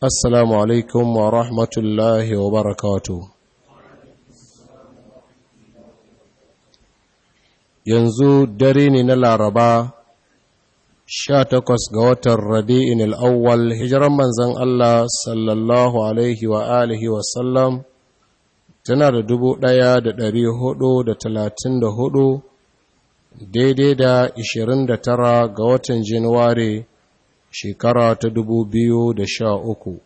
Assalamu alaikum wa rahmatullahi wa barakatu. Yanzu dare ne na Laraba, sha takwas ga watan Rabi'in al'awwal, hijiran manzan Allah sallallahu Alaihi wa alihi tana da dubu ɗaya da ɗari hudu da talatin da hudu, daidai da ishirin da tara ga watan Januwari. shekara ta dubu biyu da sha uku.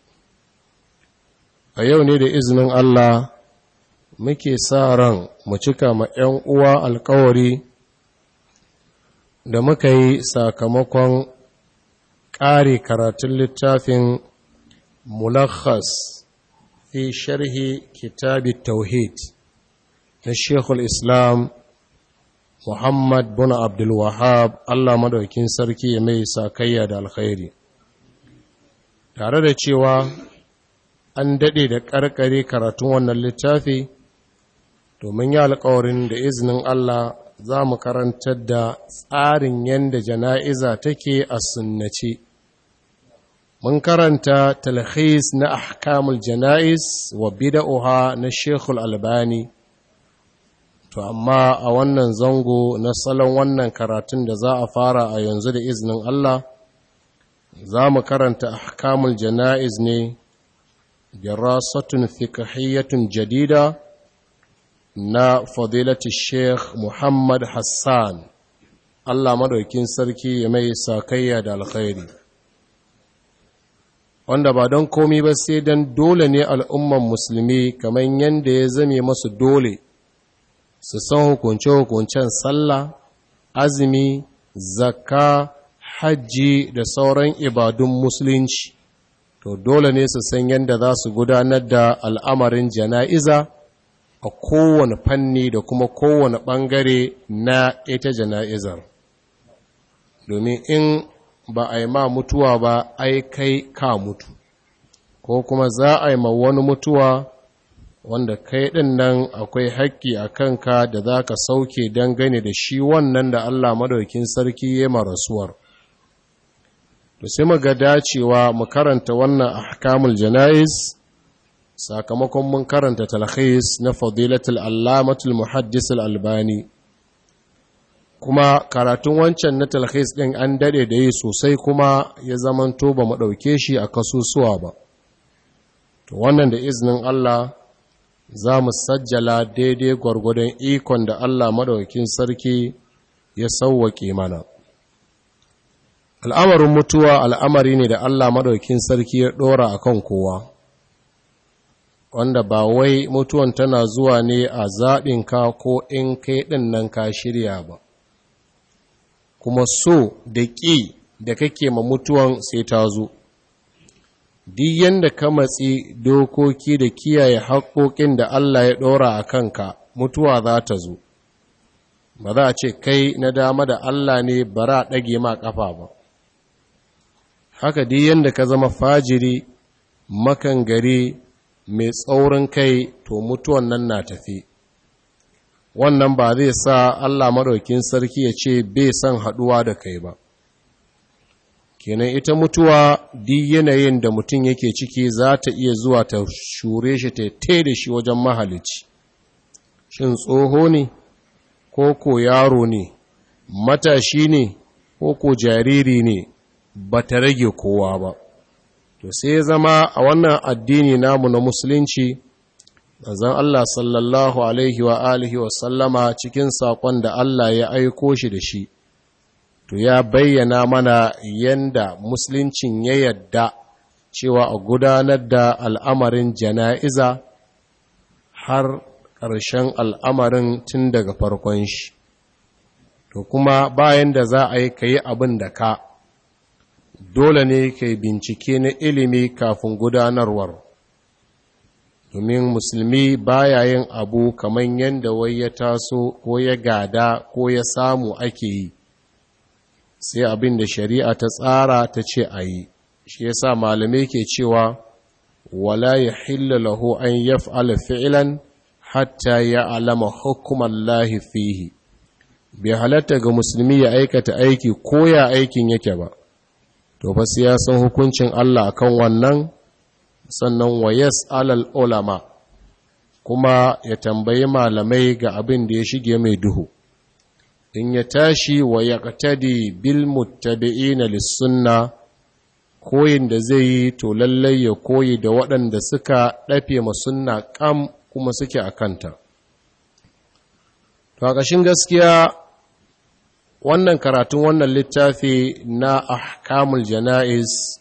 a yau ne da izinin Allah muke sa ran mu cika ma 'yan uwa alkawari da muka yi sakamakon ƙari karatun littafin mulakhas fi sharhi kitabi tauhid na shekul islam Muhammad bin Abdul Wahab Allah madaukin sarki ya mai sakayya da alkhairi tare da cewa an dade da karkare karatun wannan littafi domin ya alƙawarin da iznin Allah za mu karantar da tsarin yadda jana'iza take a sunnace mun karanta talhis na ahkamul jana'iz wa bida'uha na Sheikhul Albani to amma a wannan zango na salon wannan karatun da za a fara a yanzu da izinin Allah za mu karanta ahkamul jana'iz ne dirasatun fiqhiyyatun jadida na fadilati sheikh Muhammad Hassan Allah madaukin sarki ya mai sakayya da alkhairi wanda ba don komi ba sai don dole ne al'umman musulmi kamar yadda ya zame masu dole su san hukunce-hukuncen sallah azumi zakka hajji da sauran ibadun musulunci to dole ne su san yadda za su gudanar da al'amarin jana'iza a kowane fanni da kuma kowane ɓangare na ita jana'izar domin in ba a yi ma mutuwa ba ai kai ka mutu ko kuma za a yi ma wani mutuwa wanda kai ɗin nan akwai haƙƙi a kanka da za ka sauke dangane da shi wannan da Allah madaukin sarki ya marasuwar. Da sai mu ga dacewa mu karanta wannan ahkamul jana'iz sakamakon mun karanta talhis na fadilatul allamatul muhaddis albani kuma karatun wancan na talhis ɗin an daɗe da yi sosai kuma ya zamanto ba mu ɗauke shi a kasusuwa ba. To wannan da iznin Allah za mu sajjala daidai gwargwadon ikon da Allah maɗaukin sarki ya sauwaƙe mana. Al'amarin mutuwa al'amari ne da Allah maɗaukin sarki ya ɗora a kan kowa, wanda ba wai mutuwan tana zuwa ne a zaɓinka ko in kai ɗin nan ka shirya ba, kuma so da ƙi da kake ma mutuwan sai ta zo. duk yanda ka matsi dokoki da kiyaye haƙoƙin da Allah ya ɗora a kanka mutuwa za ta zo ba za a ce kai na dama da Allah ne bara ɗage ma ƙafa ba haka duk yanda ka zama fajiri makan gari mai tsaurin kai to mutuwan nan na tafi wannan ba zai sa Allah maɗaukin sarki ya ce bai son haɗuwa da kai ba kenan ita mutuwa di yanayin da mutum yake ciki za ta iya zuwa ta shure shi ta te da shi wajen mahalici shin tsoho ne ko ko yaro ne matashi ne ko ko jariri ne ba ta rage kowa ba to sai zama a wannan addini namu na musulunci zan Allah sallallahu alaihi wa alihi wa sallama cikin saƙon da Allah ya aiko shi da shi to ya bayyana mana yanda musuluncin ya yadda cewa a gudanar da al'amarin jana'iza har ƙarshen al'amarin tun daga farkon shi to kuma bayan da za a yi ka yi abin da ka dole ne ka yi bincike na ilimi kafin gudanarwar domin musulmi baya yin abu kamar yadda wai ya taso ko ya gada ko ya samu ake yi sai abin da shari'a ta tsara ta ce a yi shi ya sa malamai ke cewa wala yahillu lahu an yaf'ala fi'ilan hatta ya alama hukumar fihi bai halatta ga musulmi ya aikata aiki ko ya aikin yake ba to ba sai ya san hukuncin Allah kan wannan sannan wa alal ulama kuma ya tambayi malamai ga abin da ya shige mai duhu in ya tashi wa ya ƙatadi bil muttabi'ina lissunna koyin da zai yi to lallai ya koyi da waɗanda suka ɗafe masunna ƙam kuma suke a kanta to a ƙashin gaskiya wannan karatun wannan littafi na ahkamul jana'iz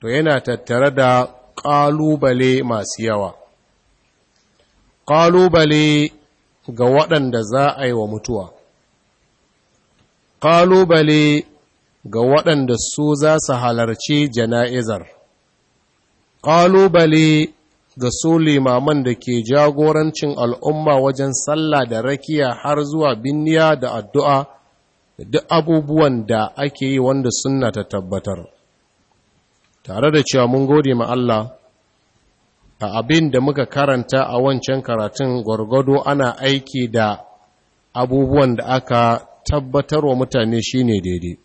to yana tattare da ƙalubale masu yawa ƙalubale ga waɗanda za a yi wa mutuwa ƙalubale ga waɗanda su za su halarci jana'izar ƙalubale ga su limaman da ke jagorancin al'umma wajen sallah da rakiya har zuwa binniya da addu'a da duk abubuwan da ake yi wanda sunna ta tabbatar tare da cewa mun gode ma Allah a abin da muka karanta a wancan karatun gwargwado ana aiki da abubuwan da aka tabbatar wa mutane shi ne daidai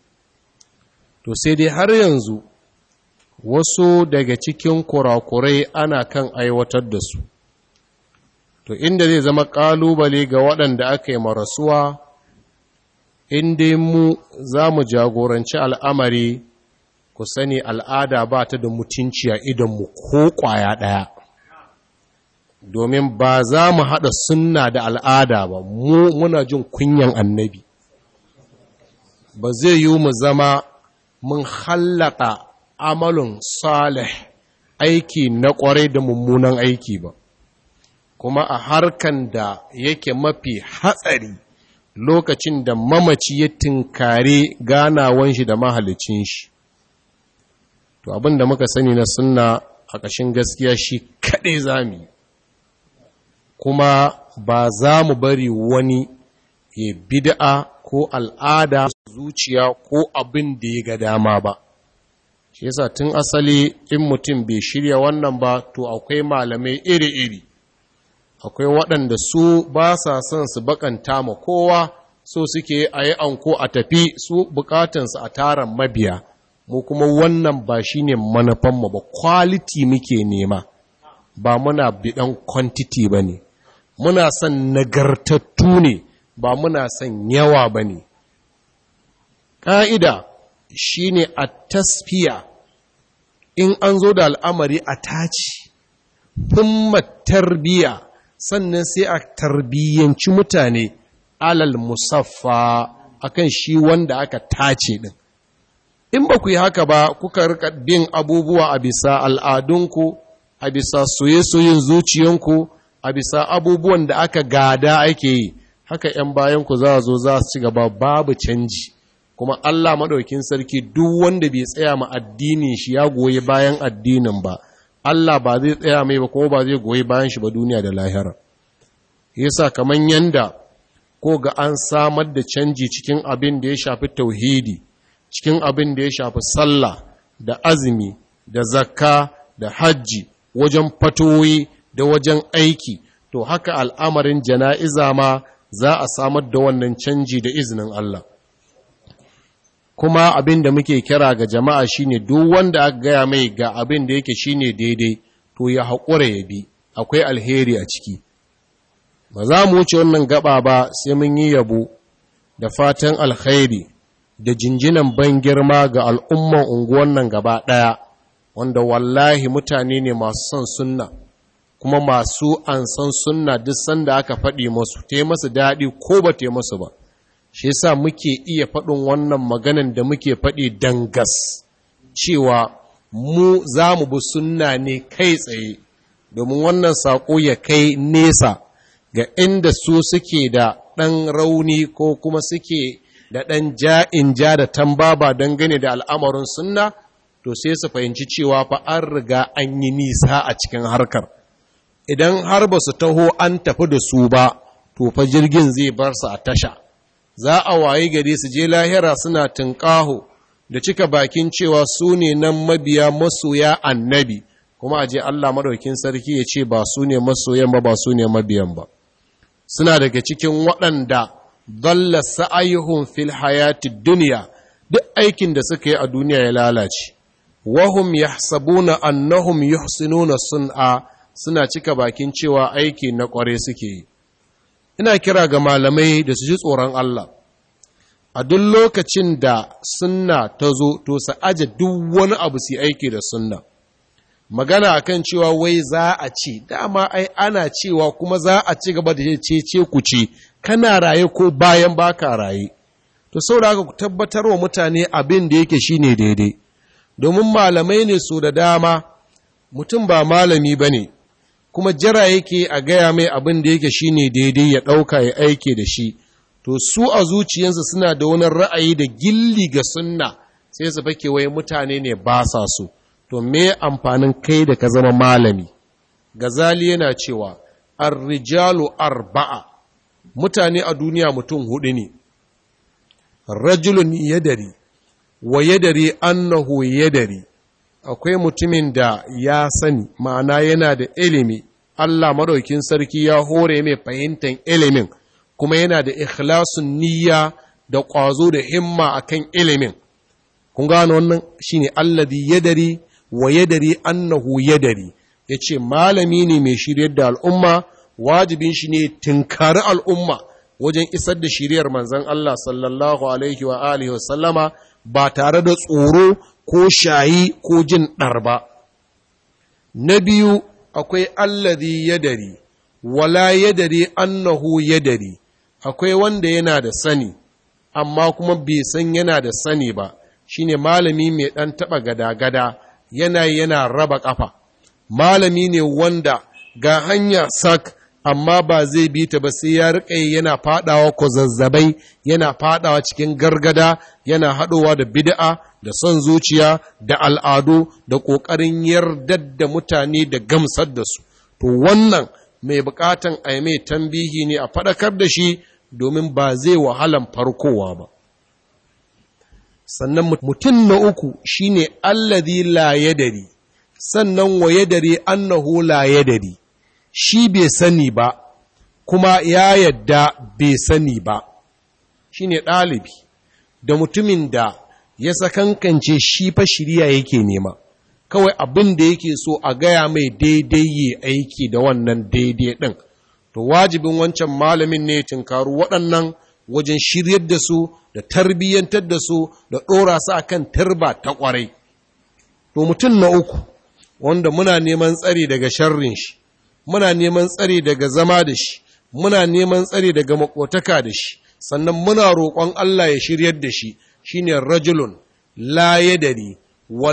to sai dai har yanzu wasu daga cikin kurakurai ana kan aiwatar da su to inda zai zama ƙalubale ga waɗanda aka yi marasuwa inda mu za mu jagoranci al'amari ku sani al'ada ba ta da mutunci a idanmu ko ƙwaya ɗaya domin ba za mu haɗa sunna da al'ada ba mu muna jin kunyan annabi ba zai yi mu zama mun hallata amalin salih aiki na kwarai da mummunan aiki ba kuma a harkan da yake mafi hatsari lokacin da mamaci ya tinkare ganawan shi da mahalicin shi to abin da muka sani na sunna a ƙashin gaskiya shi kaɗai zami kuma ba za mu bari wani ya bid'a ko al'ada zuciya ko abin da ya ga dama ba shi yasa tun asali in mutum bai shirya wannan ba to akwai malamai iri-iri akwai waɗanda su ba sa son su bakanta ma kowa so suke a yi anko a tafi su bukatansu a taron mabiya mu kuma wannan ba shi ne manufanmu ba kwaliti muke nema ba muna biɗan kwantiti ba ne muna son nagartattu ne ba muna son yawa ba ne ƙa'ida shi ne a tasfiya in an zo da al'amari a taci kuma tarbiya sannan sai a tarbiyyanci mutane alal musaffa akan shi wanda aka tace ɗin in ba ku yi haka ba kuka rika bin abubuwa a bisa al'adunku a bisa soye-soyen zuciyanku a bisa abubuwan da aka gada ake yi haka ‘yan bayanku za a zo za su ci gaba babu canji kuma Allah maɗaukin sarki duk wanda bai tsaya ma addinin shi ya goyi bayan addinin ba Allah ba zai tsaya mai ba ko ba zai goyi bayan shi ba duniya da lahira yasa kaman yanda ko ga an samar da canji cikin abin da ya shafi tauhidi cikin abin da ya shafi sallah da azumi da zakka da hajji wajen fatoyi da wajen aiki to haka al'amarin jana'iza ma za a samar da wannan canji da izinin Allah kuma abin da muke kira ga jama'a shine duk wanda aka gaya mai ga abin da yake ne daidai to ya haƙura ya bi akwai alheri a ciki ba za mu wuce wannan gaba ba sai mun yi yabo da fatan alheri da jinjinan ban girma ga al'umman unguwan nan gaba ɗaya wanda wallahi mutane ne masu son sunna kuma masu an san sunna duk sanda aka faɗi masu te masu daɗi ko ba te masu ba shi sa muke iya faɗin wannan maganan da muke faɗi dangas cewa mu za mu bi sunna ne kai tsaye domin wannan saƙo ya kai nesa ga inda su suke da ɗan rauni ko kuma suke da ɗan ja'in ja da tambaba dangane da al'amarin sunna to sai su fahimci cewa fa an riga an yi nisa a cikin harkar idan har ba su taho an tafi da su ba to fa jirgin zai bar su a tasha za a wayi gari su je lahira suna tunƙaho da cika bakin cewa su ne nan mabiya masoya annabi kuma a je Allah maɗaukin sarki ya ce ba su ne masoyan ba ba su ne mabiyan ba suna daga cikin waɗanda dalla sa'ayuhum fil hayatid duniya duk aikin da suka yi a duniya ya lalace wahum yahsabuna annahum yuhsinuna sun'a suna cika bakin cewa aiki na ƙwarai suke yi ina kira ga malamai da su ji tsoron Allah a duk lokacin da sunna ta zo to su aje duk wani abu su aiki da sunna magana akan cewa wai za a ci dama ai ana cewa kuma za a ci gaba da ce ce ku ci kana raye ko bayan baka raye to saboda haka ku tabbatar wa mutane abin da yake shine daidai domin malamai ne su da dama mutum ba malami bane kuma jira yake a gaya mai abin da yake shine daidai ya ɗauka ya aike da shi to su a zuciyarsa suna da wani ra'ayi da gilli ga sunna sai su fake wai mutane ne ba sa su to me amfanin kai da ka zama malami gazali yana cewa ar-rijalu arba'a mutane a duniya mutum hudu ne rajulun yadari wa yadari annahu yadari akwai mutumin da ya sani ma'ana yana da ilimi Allah madaukin sarki ya hore mai fahimtar ilimin kuma yana da ikhlasun niyya da ƙwazo da himma akan ilimin kun gano wannan shine ya yadari wa yadari annahu yadari yace malami ne mai shiryar da al'umma wajibin shi ne tinkari al'umma wajen isar da shiryar manzon Allah sallallahu alaihi wa alihi ba tare da tsoro ko shayi ko jin ɗarba. Na biyu akwai allazi yadari, wala yadari annahu yadari, akwai wanda yana da sani, amma kuma bai san yana da sani ba, shine malami mai ɗan taɓa gada-gada yana yana raba ƙafa. Malami ne wanda ga hanya sak amma ba zai bi ta ba sai ya riƙe yana faɗawa ko zazzabai yana faɗawa cikin gargada yana haɗowa da bid'a da son zuciya da al'adu da ƙoƙarin yardar da mutane da gamsar da su to wannan mai buƙatan a mai tambihi ne a faɗakar da shi domin ba zai wahalan farkowa ba sannan mutum na uku shine allazi la yadari sannan wa yadari annahu la yadari shi bai sani ba kuma ya yadda bai sani ba shi ne ɗalibi da mutumin da ya sakankance shi fa shirya yake nema kawai abin da yake so a gaya mai daidai yi aiki da wannan daidai ɗin to wajibin wancan malamin ne tinkaru waɗannan wajen shiryar da su da tarbiyyantar da su da ɗora su a kan tarba ta ƙwarai to mutum na uku wanda muna neman tsari daga sharrin shi muna neman tsare daga zama da shi muna neman tsare daga makotaka da shi sannan muna roƙon Allah ya shiryar da shi shine rajulun la yadari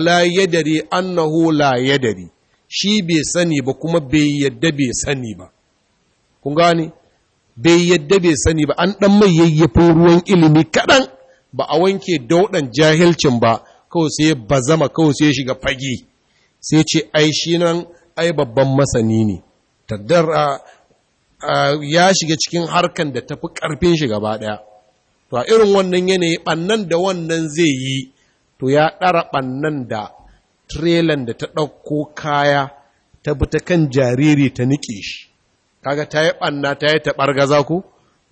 la yadari annahu la yadari shi bai sani ba kuma bai yadda bai sani ba kun gane bai yadda bai sani ba an ɗan mai yayyafo ruwan ilimi kaɗan ba a wanke dauɗan jahilcin ba kawai sai bazama kawai sai shiga fage sai ce ai shi nan ai babban masani ne taddara ya shiga cikin harkan da tafi karfin shi gaba daya to a irin wannan yanayi bannan da wannan zai yi to ya ɗara bannan da trailer da ta ɗauko kaya ta bi ta kan jariri ta niƙe shi kaga ta yi ɓanna ta yi taɓar gaza ku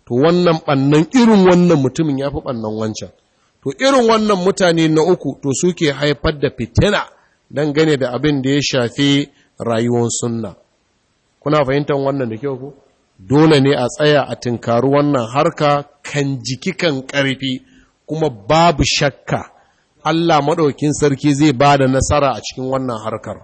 to wannan ɓannan irin wannan mutumin ya fi ɓannan wancan to irin wannan mutane na uku to suke haifar da fitina dangane da abin da ya shafi rayuwar sunna kuna fahimtar wannan da kyau ku dole ne a tsaya a tinkaru wannan harka kan jiki kan ƙarfi kuma babu shakka Allah maɗaukin sarki zai ba da nasara a cikin wannan harkar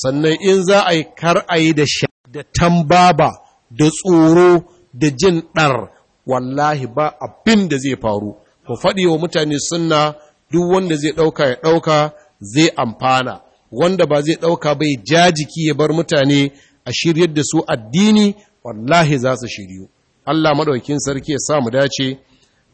sannan in za a yi kar a yi da da tambaba da tsoro da jin ɗar wallahi ba abin da zai faru ku faɗi wa mutane sunna duk wanda zai ɗauka ya ɗauka zai amfana wanda ba zai ɗauka bai jajiki ya bar mutane a shiryar da su addini wallahi za su shiryu Allah maɗaukin sarki ya sa mu dace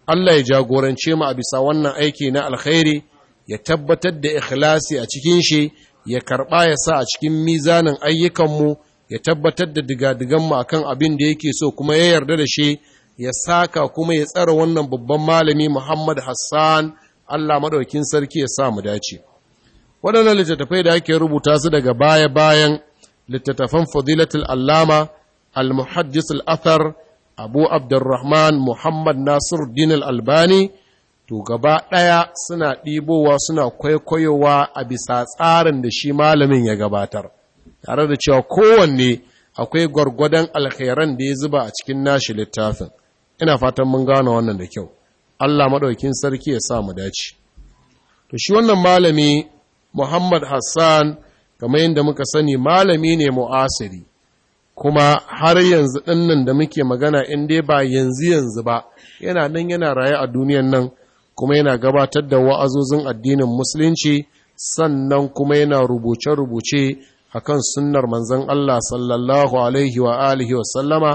Allah ya jagorance mu a bisa wannan aiki na alkhairi ya tabbatar da ikhlasi a cikin shi ya karɓa ya sa a cikin mizanin ayyukanmu ya tabbatar da digadigan mu akan abin da yake so kuma ya yarda da shi ya saka kuma ya tsara wannan babban malami muhammad hassan allah maɗaukin sarki ya sa mu dace waɗannan littattafai da ake rubuta su daga baya-bayan littattafan fadilatul allama al-muhaddis al-athar abu abdurrahman muhammad nasir din albani to gaba ɗaya suna ɗibowa suna kwaikwayowa a bisa tsarin da shi malamin ya gabatar tare da cewa kowanne akwai gwargwadon alkhairan da ya zuba a cikin nashi littafin ina fatan mun gane wannan da kyau Allah maɗaukin sarki ya sa mu dace to shi wannan malami Muhammad Hassan kamar yadda muka sani malami ne mu'asiri kuma har yanzu ɗinnan da muke magana in dai ba yanzu yanzu ba yana nan yana raye a duniyan nan kuma yana gabatar da wa'azozin addinin musulunci sannan kuma yana rubuce-rubuce akan sunnar manzon Allah sallallahu alaihi wa alihi wa sallama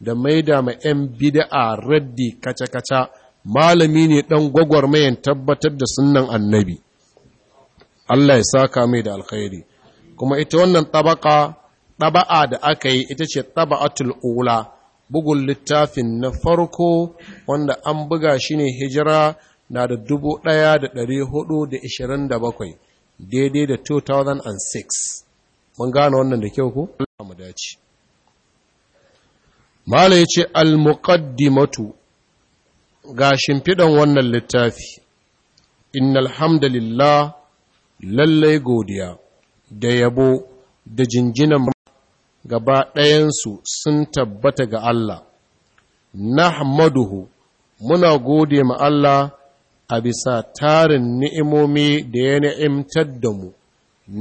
da maida ma 'yan bid'a raddi kaca-kaca malami ne ɗan gwagwarmayan tabbatar da sunnan annabi Allah ya saka mai da alkhairi kuma ita wannan tabaka ɗaba'a da aka yi ita ce taba'atul ula bugun littafin na farko wanda an buga shi ne hijira na da 1427 daidai da 2006 mun gane wannan da kyau ku? mu dace Mala ya ce al-muqaddimatu ga shimfiɗan wannan littafi, inna hamdalillah lallai godiya. da yabo da jinjinan gaba ɗayansu sun tabbata ga Allah nahmaduhu muna gode ma Allah a bisa tarin ni'imomi da ya ni'imtar da mu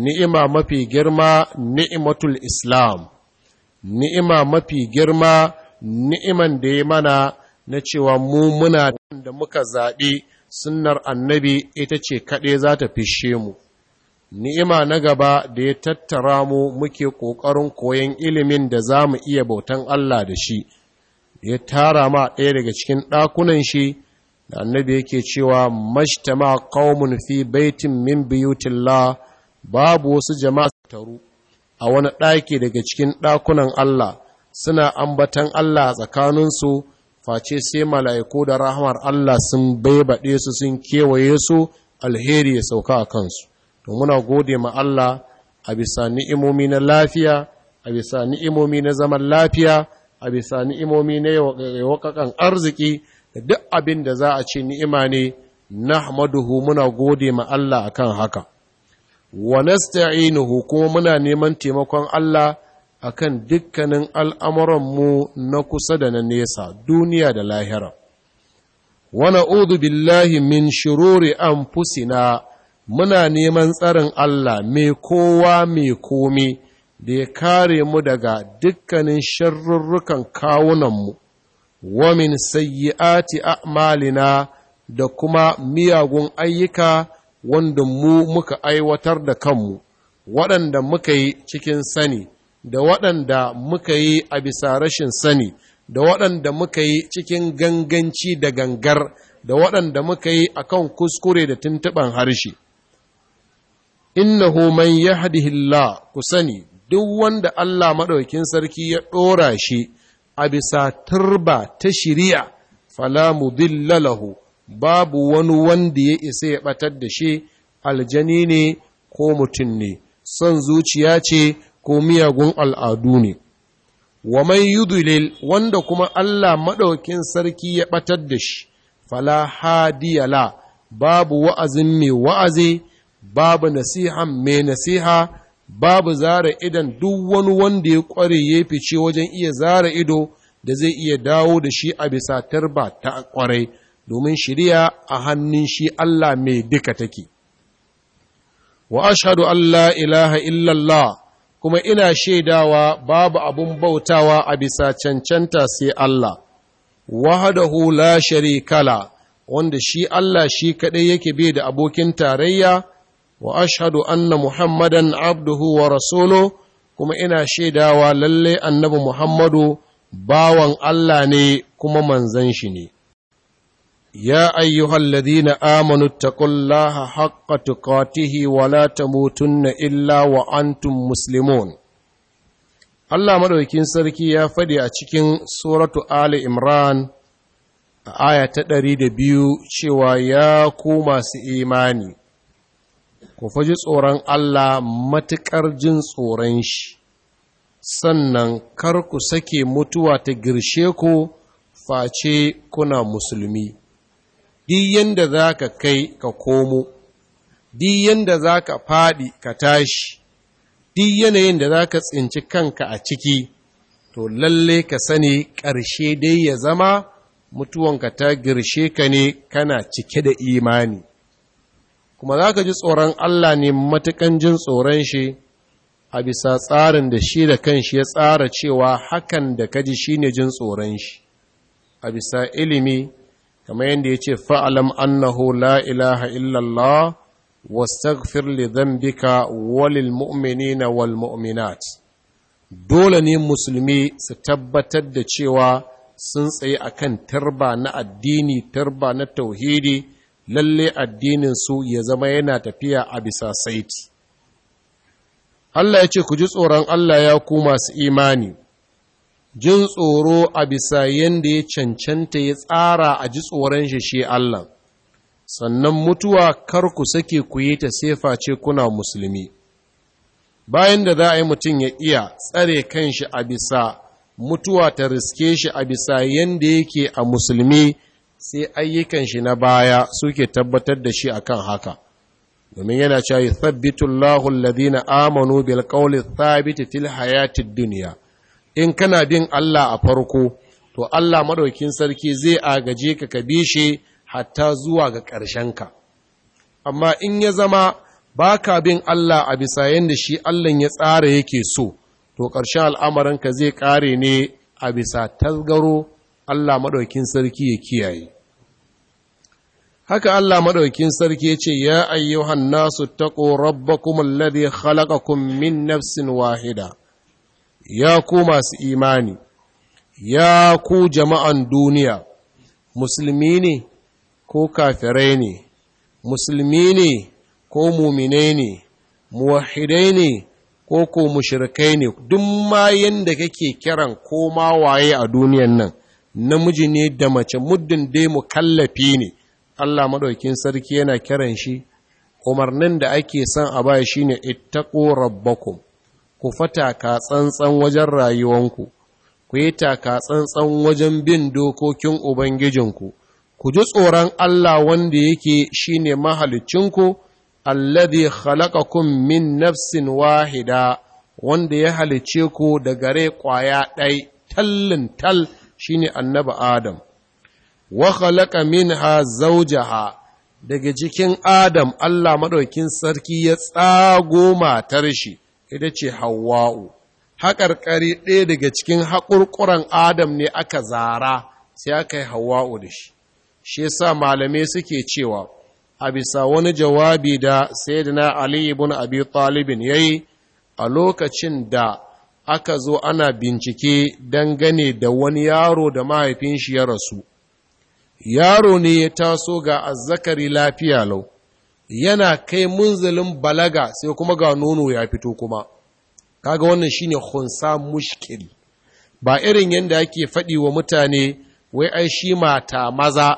ni'ima mafi girma ni'imatul islam ni'ima mafi girma ni'iman da ya mana na cewa mu muna da muka zaɓi sunnar annabi ita ce kaɗai za ta fishe mu ni'ima na gaba da ya tattara mu muke ƙoƙarin koyon ilimin da za mu iya bautan Allah da shi, da ya tara ma ɗaya daga cikin ɗakunan shi da annabi yake cewa mashtama qaumun fi baitin min biyutillah babu wasu jama'a taru a wani ɗaki daga cikin ɗakunan Allah suna ambatan Allah a tsakaninsu face sai mala'iku da rahamar Allah sun baibaɗe su sun kewaye su alheri ya sauka a kansu. to muna gode ma Allah a bisa ni'imomi na lafiya a bisa ni'imomi na zaman lafiya a bisa ni'imomi na yawakakan arziki da duk abin da za a ce ni'ima ne nahmaduhu muna gode ma Allah akan haka wa nasta'inuhu kuma muna neman taimakon Allah akan dukkanin al'amuranmu na kusa da na nesa duniya da lahira wa na'udhu billahi min shururi anfusina muna neman tsarin Allah mai kowa mai komi da ya kare mu daga dukkanin sharrurrukan kawunanmu wa min sayyi'ati a'malina da kuma miyagun ayyuka wanda mu muka aiwatar da kanmu waɗanda muka yi cikin sani da waɗanda muka yi a bisa rashin sani da waɗanda muka yi cikin ganganci da gangar da waɗanda muka yi akan kuskure da tuntuɓan harshe innahu man yahdihillah ku sani duk wanda Allah maɗaukin sarki ya ɗora shi a bisa turba ta shiriya fala mudilla lahu babu wani wanda ya isa ya ɓatar da shi aljani ne ko mutum ne son zuciya ce ko miyagun al'adu ne wa man yudlil wanda kuma Allah maɗaukin sarki ya ɓatar da shi fala hadiyala babu wa'azin mai wa'azi babu nasiha mai nasiha babu zara idan duk wani wanda ya kware ya fice wajen iya zara ido da zai iya dawo da shi a bisa tarba ta kwarai domin shirya a hannun shi Allah mai duka take wa ashhadu an la ilaha illallah kuma ina shaidawa babu abun bautawa a bisa cancanta sai Allah wahdahu la sharikala wanda shi Allah shi kadai yake bai da abokin tarayya wa ashhadu anna muhammadan abduhu wa rasulu kuma ina shaidawa lalle annabi muhammadu bawan Allah ne kuma manzan shi ne ya ayyuhal ladina amanu taqullaha haqqa tuqatihi wa la tamutunna illa wa antum muslimun Allah madaukakin sarki ya faɗi a cikin suratu Ali Imran a aya ta ɗari da biyu cewa ya ku masu imani ku faji tsoron Allah matuƙar jin tsoron shi sannan kar ku sake mutuwa ta girshe ku face kuna musulmi Di yanda za ka kai ka komo di yanda za ka faɗi ka tashi di yanayin da za ka tsinci kanka a ciki to lalle ka sani ƙarshe dai ya zama mutuwanka ta girshe ka ne kana cike da imani kuma za ka ji tsoron Allah ne matukan jin tsoron shi a bisa tsarin da shi da kanshi ya tsara cewa hakan da ka ji shi ne jin tsoron shi a bisa ilimi kamar yadda ya ce fa'alam annahu la ilaha illallah واستغفر na wal والمؤمنات dole ne musulmi su tabbatar da cewa sun tsaye akan tarba na addini tarba na tauhidi lalle addinin su ya zama yana tafiya a bisa saiti Allah ya ce ku ji tsoron Allah ya ku masu imani jin tsoro a bisa yadda ya cancanta ya tsara a ji tsoron shi shi Allah sannan mutuwa kar ku sake ku yi ta sefa ce kuna musulmi bayan da za a yi mutum ya iya tsare kanshi a bisa mutuwa ta riske shi a bisa yadda yake a musulmi sai ayyukan shi na baya suke tabbatar da shi akan haka domin yana cewa yuthabbitu Allahu alladhina amanu bil qawli thabit fil hayati dunya in kana bin Allah a farko to Allah madaukin sarki zai agaje ka ka bishe hatta zuwa ga ƙarshen ka amma in ya zama baka bin Allah a bisa yanda shi Allah ya tsara yake so to ƙarshen al'amarin ka zai ƙare ne a bisa tasgaro Allah madaukin sarki ya kiyaye haka Allah maɗaukin sarki ce ya ayyuhan nasu taqu rabbakum alladhi khalaqakum min nafsin wahida ya ku masu imani ya ku jama'an duniya musulmi ne ko kafirai ne musulmi ne ko muminai ne muwahidai ne ko ko mushrikai ne duk ma yanda kake kiran koma waye a duniyan nan namiji ne da mace muddin dai mukallafi ne Allah maɗaukin sarki yana kiran shi umarnin da ake son a baya ne ittaqu rabbakum ku fata ka tsantsan wajen rayuwanku ku yi taka tsantsan wajen bin dokokin ubangijinku ku ji tsoron Allah wanda yake shine mahalicinku alladhi kun min nafsin wahida wanda ya halice ku da gare kwaya ɗai tallin tal shi ne annaba Adam wa khalaqa minha zawjaha daga cikin Adam Allah madaukin sarki ya tsago matar shi ita ce Hawwa'u haƙarƙari ɗaya daga cikin haƙurƙuran Adam ne aka zara sai aka yi Hawwa'u da shi shi yasa malamai suke cewa a bisa wani jawabi da sayyidina Ali ibn Abi Talib yayi a lokacin da aka zo ana bincike dangane da wani yaro da mahaifin shi ya rasu yaro ne ya taso ga azzakari lafiya lau yana kai munzalin balaga sai kuma ga nono ya fito kuma kaga wannan shine khunsa mushkil ba irin yadda ake faɗi wa mutane wai ai shi mata maza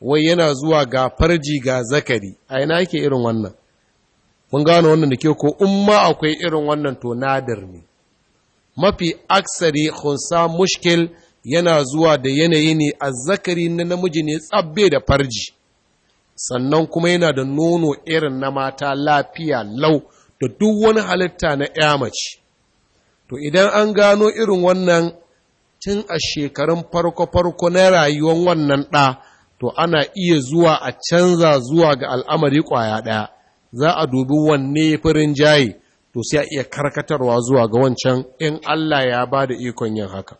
wai yana zuwa ga farji ga zakari a ina ake irin wannan mun gano wannan da ke ko in ma akwai irin wannan to nadir ne mafi aksari khunsa mushkil yana zuwa da yanayi ne a zakari na namiji ne tsabbe da farji sannan kuma yana da nono irin na mata lafiya lau da duk wani halitta na ya mace to idan an gano irin wannan tun a shekarun farko-farko na rayuwar wannan ɗa to ana iya zuwa a canza zuwa ga al'amari ƙwaya ɗaya za a dubi wanne firin jaye to sai a iya karkatarwa zuwa ga wancan in Allah ya ba da ikon yin haka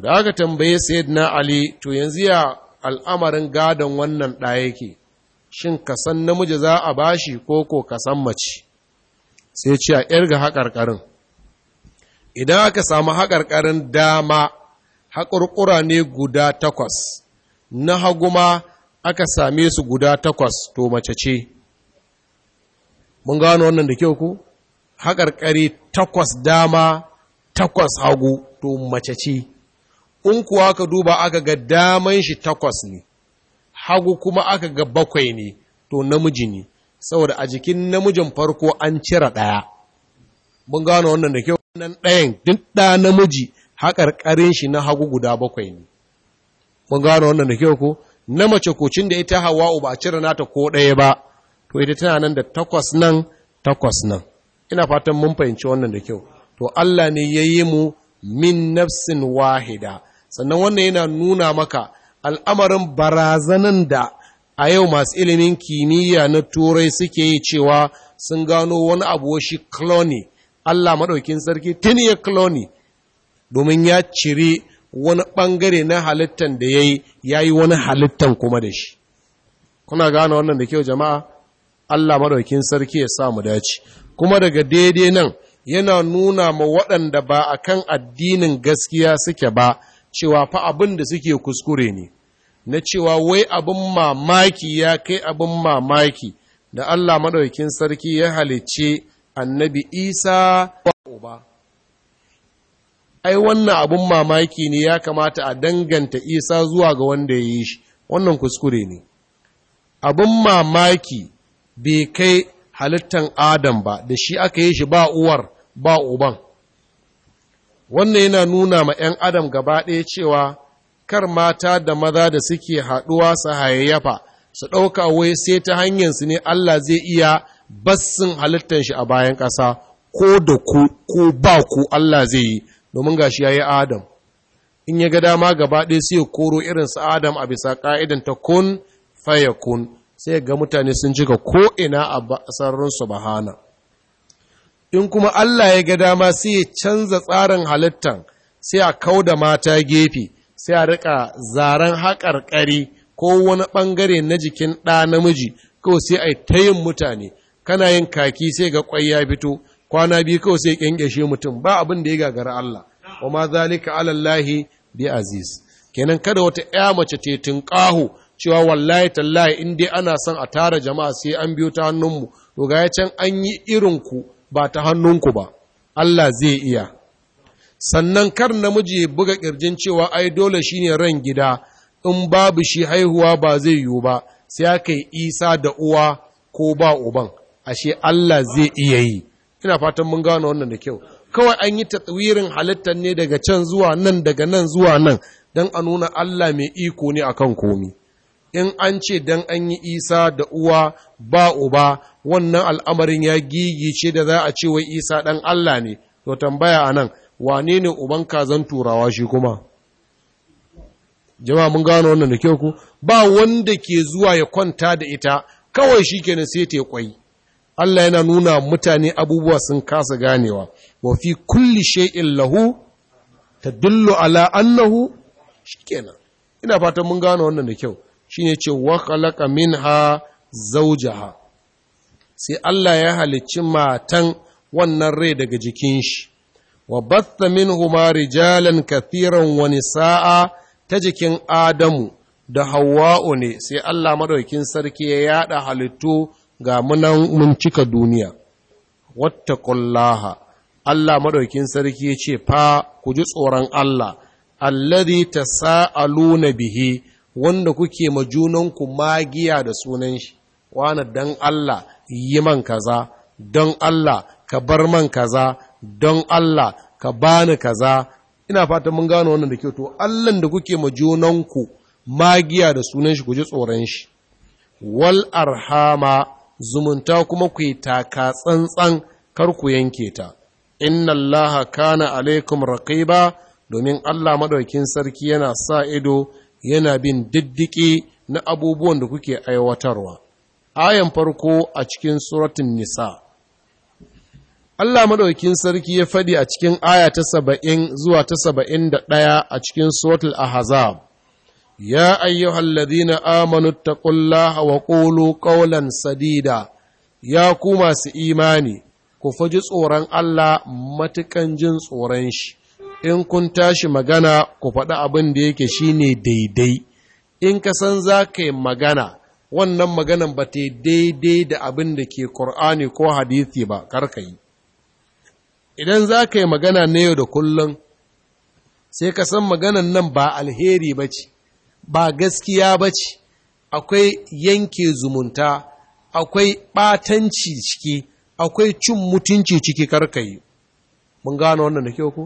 to da aka tambaye sayyidina ali to yanzu ya al'amarin gadon wannan ɗa yake shin ka san namiji za a bashi ko ko kasan mace sai ce a irga haƙarƙarin idan aka samu haƙarƙarin dama haƙurƙura ne guda takwas na haguma aka same su guda takwas to mace ce mun gano wannan da kyau ku haƙarƙari takwas dama takwas hagu to mace ce in kuwa aka duba aka ga daman shi takwas ne hagu kuma aka ga bakwai ne to namiji ne saboda a jikin namijin farko an cira ɗaya mun gano wannan da kyau wannan ɗayan duk ɗa namiji haƙarƙarin shi na hagu guda bakwai ne mun gano wannan da kyau ko na mace cin da ita hawa ba a cire nata ko ɗaya ba to ita tana nan da takwas nan takwas nan ina fatan mun fahimci wannan da kyau to Allah ne ya yi mu min nafsin wahida sannan wannan yana nuna maka al'amarin barazanan da a yau masu ilimin kimiyya na turai suke yi cewa sun gano wani abu shi cloney Allah maɗaukin sarki tuni ya cloney domin ya cire wani ɓangare na halittan da ya yi ya yi wani halittan kuma da shi kuna gano wannan da kyau jama'a Allah maɗaukin sarki ya sa mu dace kuma daga daidai nan yana nuna ma waɗanda ba a kan addinin gaskiya suke ba cewa fa abin da suke kuskure ne na cewa wai abin mamaki ya kai abin mamaki da Allah maɗaukin sarki ya halicce annabi isa ba. ai wannan abin mamaki ne ya kamata a danganta isa zuwa ga wanda ya yi shi wannan kuskure ne abin mamaki bai kai halittan adam ba da shi aka yi shi ba uwar ba uban wannan yana nuna ma 'yan adam gaba ɗaya cewa kar mata da maza da suke haɗuwa su hayayyafa su ɗauka wai sai ta hanyarsu ne Allah zai iya bassin halittar shi a bayan ƙasa ko da ku ko ba ku Allah zai yi domin shi ya yi Adam in ya ga dama gaba ɗaya sai koro irin su Adam a bisa ƙa'idan ta kun faya sai ga mutane sun jika ko'ina ina a sararin subhana in kuma Allah ya ga dama sai ya canza tsarin halittan sai a kau da mata gefe sai a rika zaren haƙarƙari ko wani ɓangare na jikin ɗa namiji kawai sai a yi ta mutane kana yin kaki sai ga ƙwai ya fito kwana biyu kawai sai ƙyanƙyashe mutum ba abin da ya gagara Allah wa ma zalika alallahi bi aziz kenan kada wata ƴa mace ce ƙahu cewa wallahi tallahi in dai ana son a tara jama'a sai an biyo ta hannunmu to ga can an yi irin ku ba ta hannunku ba Allah zai iya sannan kar namiji ya buga ƙirjin cewa ai dole shine ran gida in babu shi haihuwa ba zai yiwu ba sai aka yi isa da uwa ko ba uban ashe Allah zai iya yi ina fatan mun gano wannan da kyau kawai an yi tatwirin halittar ne daga can zuwa nan daga nan zuwa nan don a nuna Allah mai iko ne akan komi in an ce don an yi isa da uwa ba uba wannan al'amarin ya gigice da za a ce wai isa ɗan Allah ne to tambaya a nan wane ne uban kazan turawa shi kuma jama'a mun gano wannan da kyau ku ba wanda ke zuwa ya kwanta da ita kawai shi ke sai ta kwai Allah yana nuna mutane abubuwa sun kasa ganewa wa kulli shay'in lahu ta ala’an ala shi kenan. ina fatan mun gano wannan da kyau Shi ne ce wa ha minha ha sai Allah ya halicci matan wannan rai daga jikin shi wa batta humari rijalan kathiran wani sa'a ta jikin Adamu da hawa’o ne sai Allah maɗaukin sarki ya yada halittu ga munan mun cika duniya Wata kullaha, Allah maɗaukin sarki ya ce fa ku ji tsoron Allah alladhi tasaaluna bihi wanda kuke ma junanku magiya da sunan shi wani don Allah yi man kaza don Allah ka bar man kaza don Allah ka bani kaza ina fata mun gano wannan da kyau to Allah da kuke ma junanku magiya da sunan shi ku ji tsoron shi wal arhama zumunta kuma ku yi taka tsantsan kar ku yanke ta inna Allah kana alaikum raqiba domin Allah madaukin sarki yana sa ido yana bin diddiki na abubuwan da kuke aiwatarwa ayan farko a cikin suratun nisa Allah maɗaukin sarki ya faɗi a cikin aya ta saba'in zuwa ta saba'in da ɗaya a cikin suratul Ya يا أيها Amanu ta اتقوا الله وقولوا sadida, ya ku masu imani, ku faji tsoron Allah matukan jin tsoron shi, in kun tashi magana ku faɗi abin da yake ne daidai in ka san za ka yi magana wannan maganan ba ta daidai da abin da ke ƙur'ani ko hadithi ba karka yi idan za ka yi magana na yau da kullum sai ka san maganan nan ba alheri ba ce ba gaskiya ba ce akwai yanke zumunta akwai ɓatanci ciki akwai cin mutunci ciki karka yi mun gano wannan da kyau ku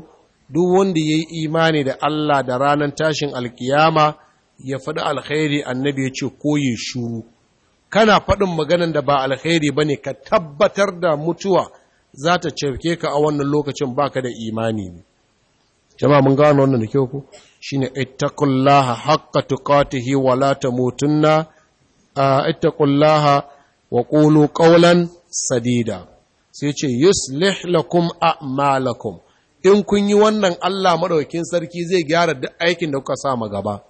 duk wanda ya yi imani da Allah da ranar tashin alkiyama ya faɗi alkhairi annabi ya ce koye shuru kana faɗin maganan da ba alkhairi ba ne ka tabbatar da mutuwa za ta cefke ka a wannan lokacin baka da imani ne jama'a mun gano wannan da kyau ku shine ittaqullaha haqqa tuqatihi wa la tamutunna ittaqullaha wa qulu qawlan sadida sai ce yuslih lakum a'malakum in kun yi wannan Allah maɗaukin sarki zai gyara duk aikin da kuka sama gaba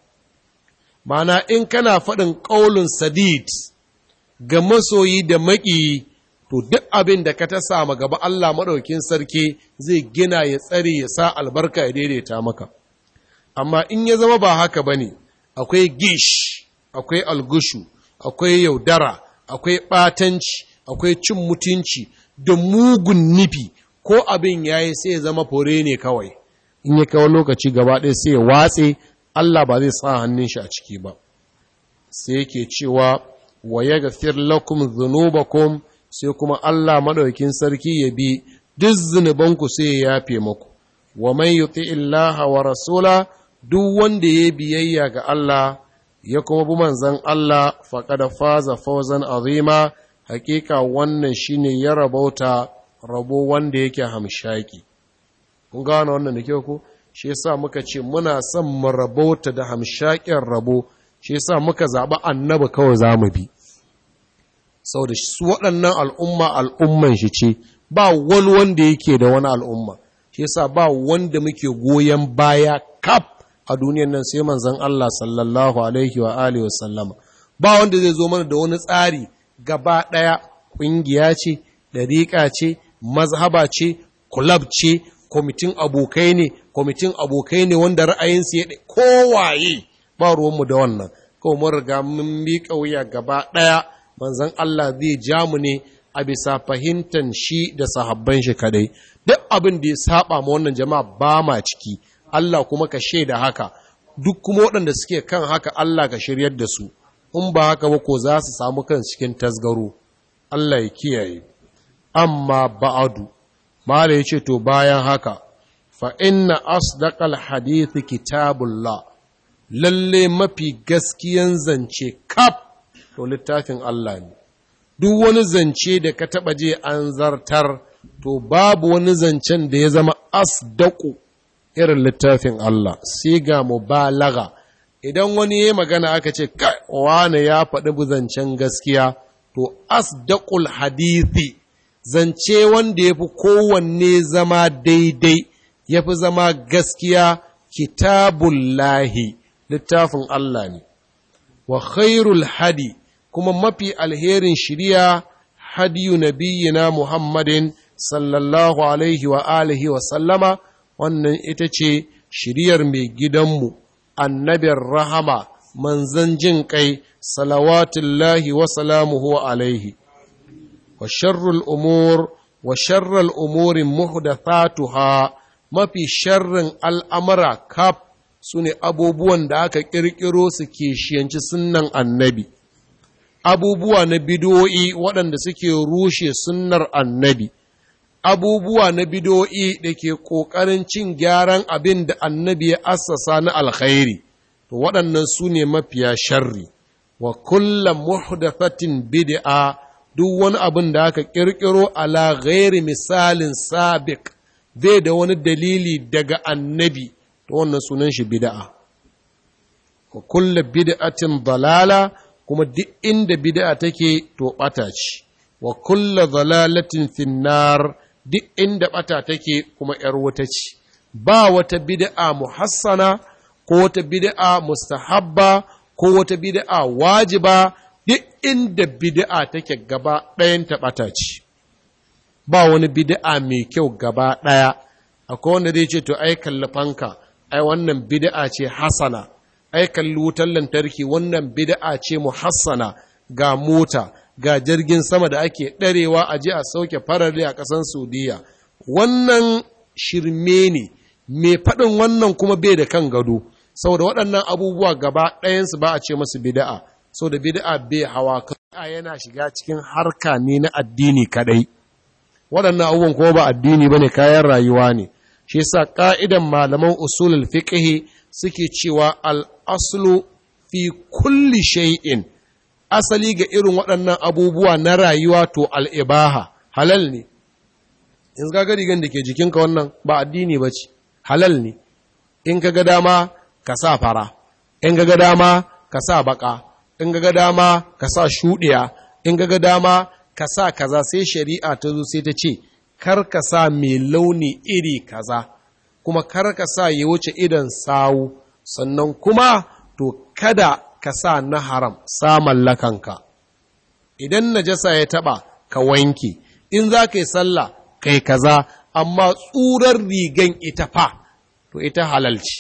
mana in kana faɗin ƙaulun sadid ga masoyi da maƙiyi to duk abin da ka ta sama gaba Allah maɗaukin sarki zai gina ya tsare ya sa albarka ya daidaita maka amma in ya zama ba haka ba ne akwai gish akwai algushu akwai yaudara akwai ɓatanci akwai cin mutunci da mugun nufi ko abin ya yi sai zama fure ne kawai in ya kawo lokaci gaba ɗaya sai ya watse Allah ba zai sa hannun shi a ciki ba sai yake cewa wa ya gafir lakum zunubakum sai kuma Allah maɗaukin sarki ya bi duk zunubanku sai ya yafe maku. wa man yuti illaha wa rasula duk wanda ya biyayya ga Allah ya kuma bi manzon Allah faqad faza fawzan azima hakika wannan shine ya rabauta rabo wanda yake hamshaki kun gano wannan da kyau ko shi yasa muka ce muna son mu rabota da hamshakin rabo shi yasa muka zaɓi annaba kawai za mu bi sau da su waɗannan al'umma al'umman shi ce ba wani wanda yake da wani al'umma shi yasa ba wanda muke goyon baya kaf a duniyan nan sai manzon Allah sallallahu alaihi wa alihi wasallama ba wanda zai zo mana da wani tsari gaba ɗaya ƙungiya ce ɗariƙa ce mazhaba ce kulab ce kwamitin abokai ne kwamitin abokai ne wanda ra'ayinsu ya kowaye ba ruwanmu da wannan kawai mun riga mun miƙa wuya gaba ɗaya manzon Allah zai ja mu ne a bisa fahimtan shi da sahabban shi kadai duk abin da ya saba ma wannan jama'a ba ma ciki Allah kuma ka shaida haka duk kuma waɗanda suke kan haka Allah ka shiryar da su in ba haka ba ko za su samu kan cikin tasgaro Allah ya kiyaye amma ba'adu mala yace to bayan haka fa inna asdaqal hadith kitabullah lalle mafi gaskiyan zance kaf to littafin Allah ne duk wani zance da ka taba je an zartar to babu wani zancen da ya zama asdaku irin littafin Allah sai ga mubalaga idan wani ya magana aka ce wani ya faɗi zancen gaskiya to asdaqul hadithi zance wanda ya fi kowanne zama daidai ya fi zama gaskiya kitabullahi littafin Allah ne wa khairul hadi kuma mafi alherin shirya hadiyu na muhammadin sallallahu alaihi wa alihi wa sallama wannan ita ce shiriyar mai gidanmu annabin rahama manzan jin kai salawatullahi wa salamuhu alaihi wa sharrul umur wa sharral umurin muhdathatuha mafi sharrin al'amara kaf sune abubuwan da aka ƙirƙiro su ke shiyanci sunnan annabi abubuwa na bidoyi waɗanda suke rushe sunnar annabi abubuwa na bidoyi da ke ƙoƙarin cin gyaran abin da annabi ya assasa na alkhairi to waɗannan su ne mafiya sharri wa kulla muhdathatin bid'a duk wani abin da aka ƙirƙiro ala ghairi misalin sabiq zai da wani dalili daga annabi ta wannan sunan shi bida'a wa kulla bid'atin dalala kuma duk inda bid'a take to ɓata ce wa kulla dalalatin finnar duk inda bata take kuma ‘yar wuta ce ba wata bid'a muhassana ko wata bid'a mustahabba ko wata bid'a wajiba duk inda bid'a take gaba ɗayan ɓata ce ba wani bid'a mai kyau gaba ɗaya akwai wanda zai ce to ai kalli fanka ai wannan bid'a ce hasana ai kalli wutar lantarki wannan bid'a ce mu muhassana ga mota ga jirgin sama da ake ɗarewa a ji a sauke farare a ƙasar saudiya wannan shirme ne mai faɗin wannan kuma bai da kan gado saboda waɗannan abubuwa gaba ɗayansu ba a ce masu bida'a so da bid'a bai hawa a yana shiga cikin harka ne na addini kadai waɗannan abubuwan ko ba addini bane kayan rayuwa ne shi yasa ka'idan malaman usulul fiqh suke cewa al aslu fi kulli shay'in asali ga irin waɗannan abubuwa na rayuwa to al ibaha halal ne in ka ga rigan da ke jikinka wannan ba addini ba ce halal ne in ka ga dama ka sa fara in ka ga dama ka sa baka in ga dama ka sa shuɗiya in ga dama ka sa kaza sai shari'a ta zo sai ta ce kar ka sa mai launi iri kaza kuma kar ka sa ya wuce idan sawu sannan kuma to kada ka sa na haram sa mallakanka idan najasa ya taɓa ka wanke in za ka yi sallah kai kaza amma tsurar rigan ita fa to ita halalci,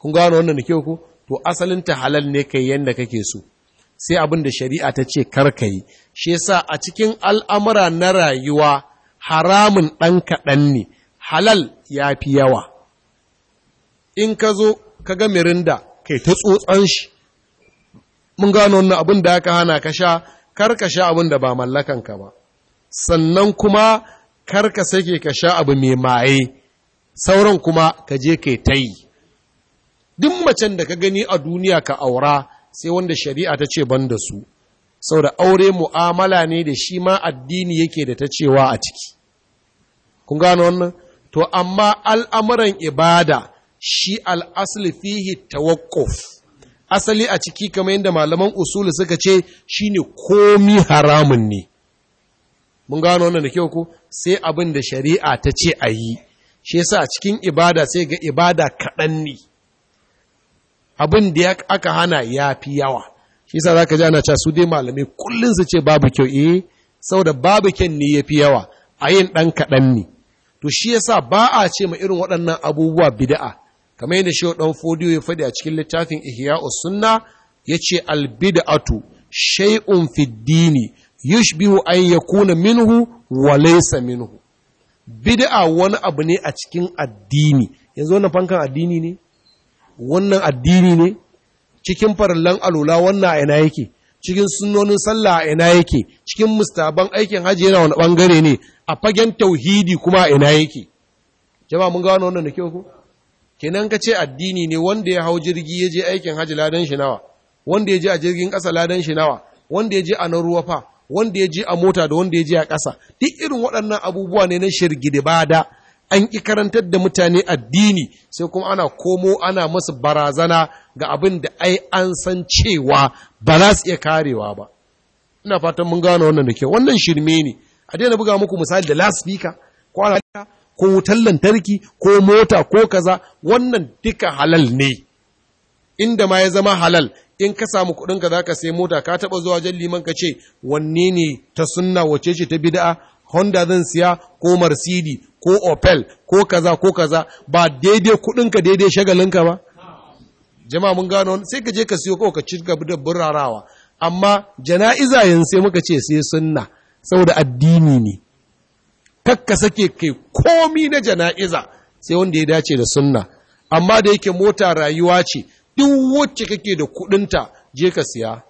kun gano wannan da kyau ku to asalin ta halal ne kai yanda kake so sai abin da shari'a ta ce karka yi shi yasa a cikin al'amura na rayuwa haramun ɗan kaɗan ne halal ya fi yawa in ka zo ka ga mirinda kai ta tsotson shi mun gano wannan abin da aka hana ka sha karka sha abin da ba mallakanka ba sannan kuma karka sake ka sha abu mai maye sauran kuma ka je kai ta yi duk macen da ka gani a duniya ka aura sai wanda shari'a ta ce ban da su sau da aure mu'amala ne da shi ma addini yake da ta cewa a ciki kun gano wannan to amma al'amuran ibada shi al'asali fihi tawakkuf asali a ciki kamar yadda malaman usulu suka ce shine komi haramun ne mun gano wannan da kyau ko sai abin da shari'a ta ce a yi shi yasa a cikin ibada sai ga ibada kaɗan ne abin da aka hana ya fi yawa shi sa zaka ji ana cewa su dai malamai kullun su ce babu kyau eh saboda babu kyan ne ya fi yawa a yin ɗan kaɗan ne to shi yasa ba a ce ma irin waɗannan abubuwa bid'a kamar yadda shehu ɗan fodiyo ya faɗi a cikin littafin ihya'us sunna ya al albid'atu shay'un fi dini yushbihu an yakuna minhu wa laysa minhu bid'a wani abu ne a cikin addini yanzu wannan fankan addini ne wannan addini ne cikin farallan alula wannan a ina yake cikin sunnonin sallah a ina yake cikin mustaban aikin hajji yana wani bangare ne a fagen tauhidi kuma a ina yake jama'a mun gano wannan da kyau ko kenan ka ce addini ne wanda ya hau jirgi ya je aikin haji ladan shi nawa wanda ya je a jirgin ƙasa ladan shi nawa wanda ya je a nan ruwa fa wanda ya je a mota da wanda ya je a ƙasa duk irin waɗannan abubuwa ne na bada an ƙi karantar da mutane addini sai kuma ana komo ana masu barazana ga abin da ai an san cewa ba za su iya karewa ba ina fatan mun gano wannan da kyau wannan shirme ne a daina buga muku misali da lasfika ko alaka ko wutar lantarki ko mota ko kaza wannan duka halal ne inda ma ya zama halal in ka samu kuɗin ka zaka sai mota ka taɓa zuwa jan liman ka ce wanne ne ta sunna wace ce ta bid'a Honda zan siya ko Mercedes ko opel ko kaza ko kaza ba daidai kudinka daidai shagalinka ba Jama mun gano sai ka je ka siyo ko ka ci gaba da burarawa amma jana'iza yanzu sai muka ce sai sunna saboda addini ne kakka sake kai komi na jana'iza sai wanda ya dace da sunna amma da yake mota rayuwa ce duk wacce kake da kudinta je ka siya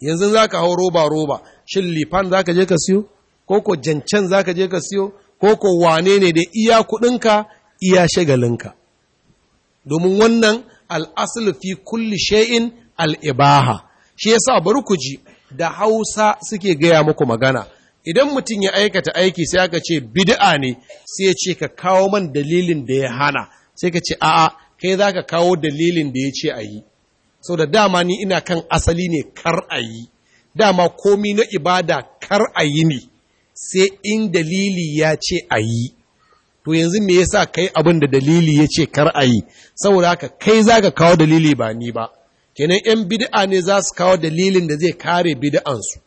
yanzu za ka hau roba roba shin lifan za ka je ka siyo ko ko jancan za ka je ka siyo ko ko wane ne da iya kuɗinka iya shagalinka domin wannan al'asul fi kulli sha’in al'ibaha shi yasa bari ku ji da hausa suke gaya muku magana idan mutum ya aikata aiki sai aka ce bid'a ne sai ya ce ka kawo man dalilin da ya hana sai ka ce a'a kai za ka kawo dalilin da ya ce a yi sau da dama ni ina kan asali ne kar a yi dama komi na ibada kar a yi ne sai in dalili ya ce a yi to yanzu me yasa kai abin da dalili ya ce kar a yi saboda haka kai za ka kawo dalili ba ni ba kenan yan bid'a ne za su kawo dalilin da zai kare bid'ansu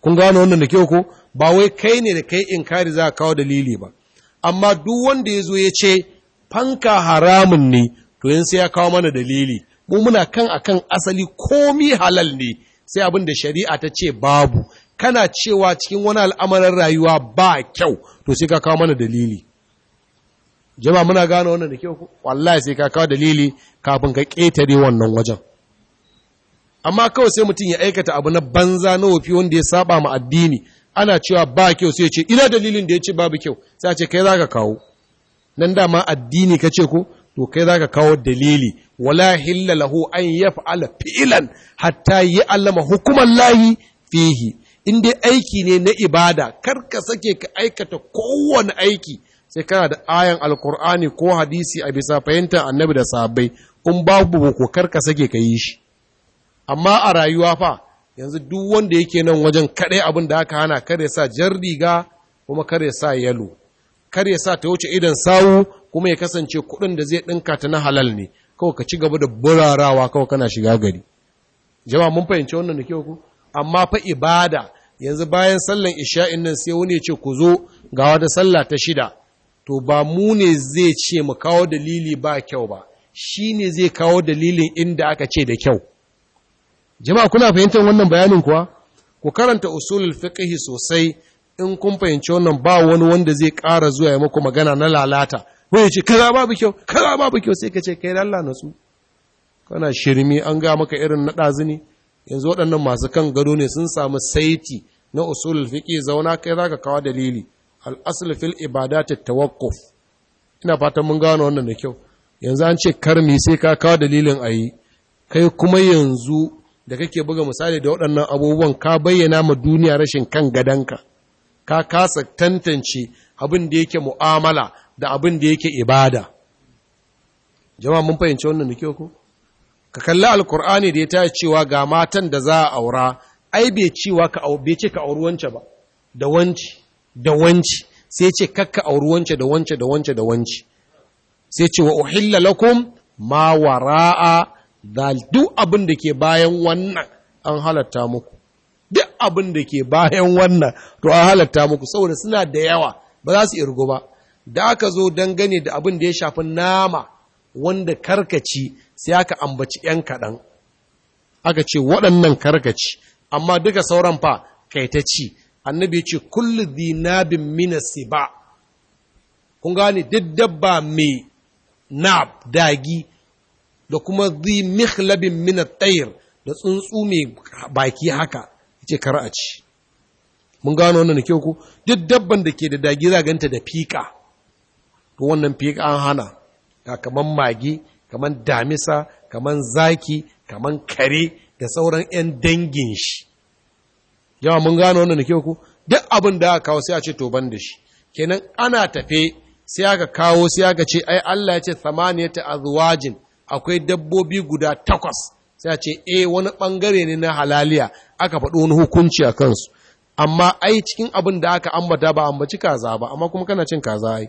kun gano wannan da kyau ko ba wai kai ne da kai in kare za ka kawo dalili ba amma duk wanda ya zo ya ce fanka haramun ne to yin sai ya kawo mana dalili mu muna kan akan asali komi halal ne sai abin da shari'a ta ce babu kana cewa cikin wani al'amarin rayuwa ba kyau to sai ka kawo mana dalili jama'a muna gano wannan da kyau wallahi sai ka kawo dalili kafin ka ƙetare wannan wajen amma kawai sai mutum ya aikata abu na banza na wofi wanda ya saba ma addini ana cewa ba kyau sai ce ina dalilin da ya ce babu kyau sai ce kai za ka kawo nan dama addini ka ce ko to kai za ka kawo dalili wala hilla lahu an yaf'ala fi'lan hatta ya'lama hukuman lahi fihi in dai aiki ne na ibada kar ka sake ka aikata kowane aiki sai kana da ayan alkur'ani ko hadisi a bisa fahimta annabi da sabai in babu boko kar ka sake ka yi shi amma a rayuwa fa yanzu duk wanda yake nan wajen kaɗai abin da aka hana kar ya sa jar riga kuma kar ya sa yalo kar ya sa ta wuce idan sawu kuma ya kasance kuɗin da zai ɗinka ta na halal ne kawai ka ci gaba da burarawa kawai kana shiga gari jama'a mun fahimci wannan da kyau ku amma fa ibada yanzu bayan sallan isha'in nan sai wani ya ce ku zo ga wata sallah ta shida to ba mu ne zai ce mu kawo dalili ba kyau ba shi ne zai kawo dalilin inda aka ce da kyau jama'a kuna fahimtar wannan bayanin kuwa ku karanta usulul fiqh sosai in kun fahimci wannan ba wani wanda zai ƙara zuwa ya muku magana na lalata wai ce kaza babu kyau kaza babu kyau sai ka ce kai Allah nasu kana shirmi an ga maka irin na ɗazu yanzu waɗannan masu kan gado ne sun samu saiti na usul fiqi zauna kai za ka kawo dalili al’asul fil ibadat at ina fatan mun gano wannan da kyau yanzu an ce karmi sai ka kawo dalilin ayi kai kuma yanzu da kake buga misali da waɗannan abubuwan ka bayyana ma duniya rashin kan gadanka ka kasa tantance abin da yake mu'amala da abin da yake ibada jama'a mun fahimci wannan da kyau ko ka kalli alkur'ani da ya ta cewa ga matan da za a aura ai bai cewa ka bai ce ka auri wance ba da wanci da wanci sai ce kakka auri wance da wance da wance da wanci sai ce wa uhilla lakum ma wara'a dal duk abin da ke bayan wannan an halatta muku duk abin da ke bayan wannan to an halatta muku saboda suna da yawa ba za su irgo ba da aka zo dangane da abin da ya shafi nama wanda karkaci sai aka ambaci ‘yan kaɗan aka ce waɗannan karkaci amma duka sauran fa kai ta ci. annabi ya ce kullu dinabin min ba kun gane duk dabba mai nab dagi da kuma zi min at-tayr da tsuntsu mai baki haka yace kar a ci mun gano wannan ne kyau ko duk dabban da ke da dagi za ganta da fika to wannan fika an hana kaman magi kaman damisa kaman zaki kaman kare da sauran 'yan dangin shi yawa mun gano wannan da kyau ku duk abin da aka kawo sai a ce to da shi kenan ana tafe sai aka kawo sai aka ce ai Allah ya ce samaniyata azwajin akwai dabbobi guda takwas sai a ce eh wani bangare ne na halaliya aka faɗo wani hukunci a kansu amma ai cikin abin da aka ambata ba ambaci kaza ba amma kuma kana cin kaza ai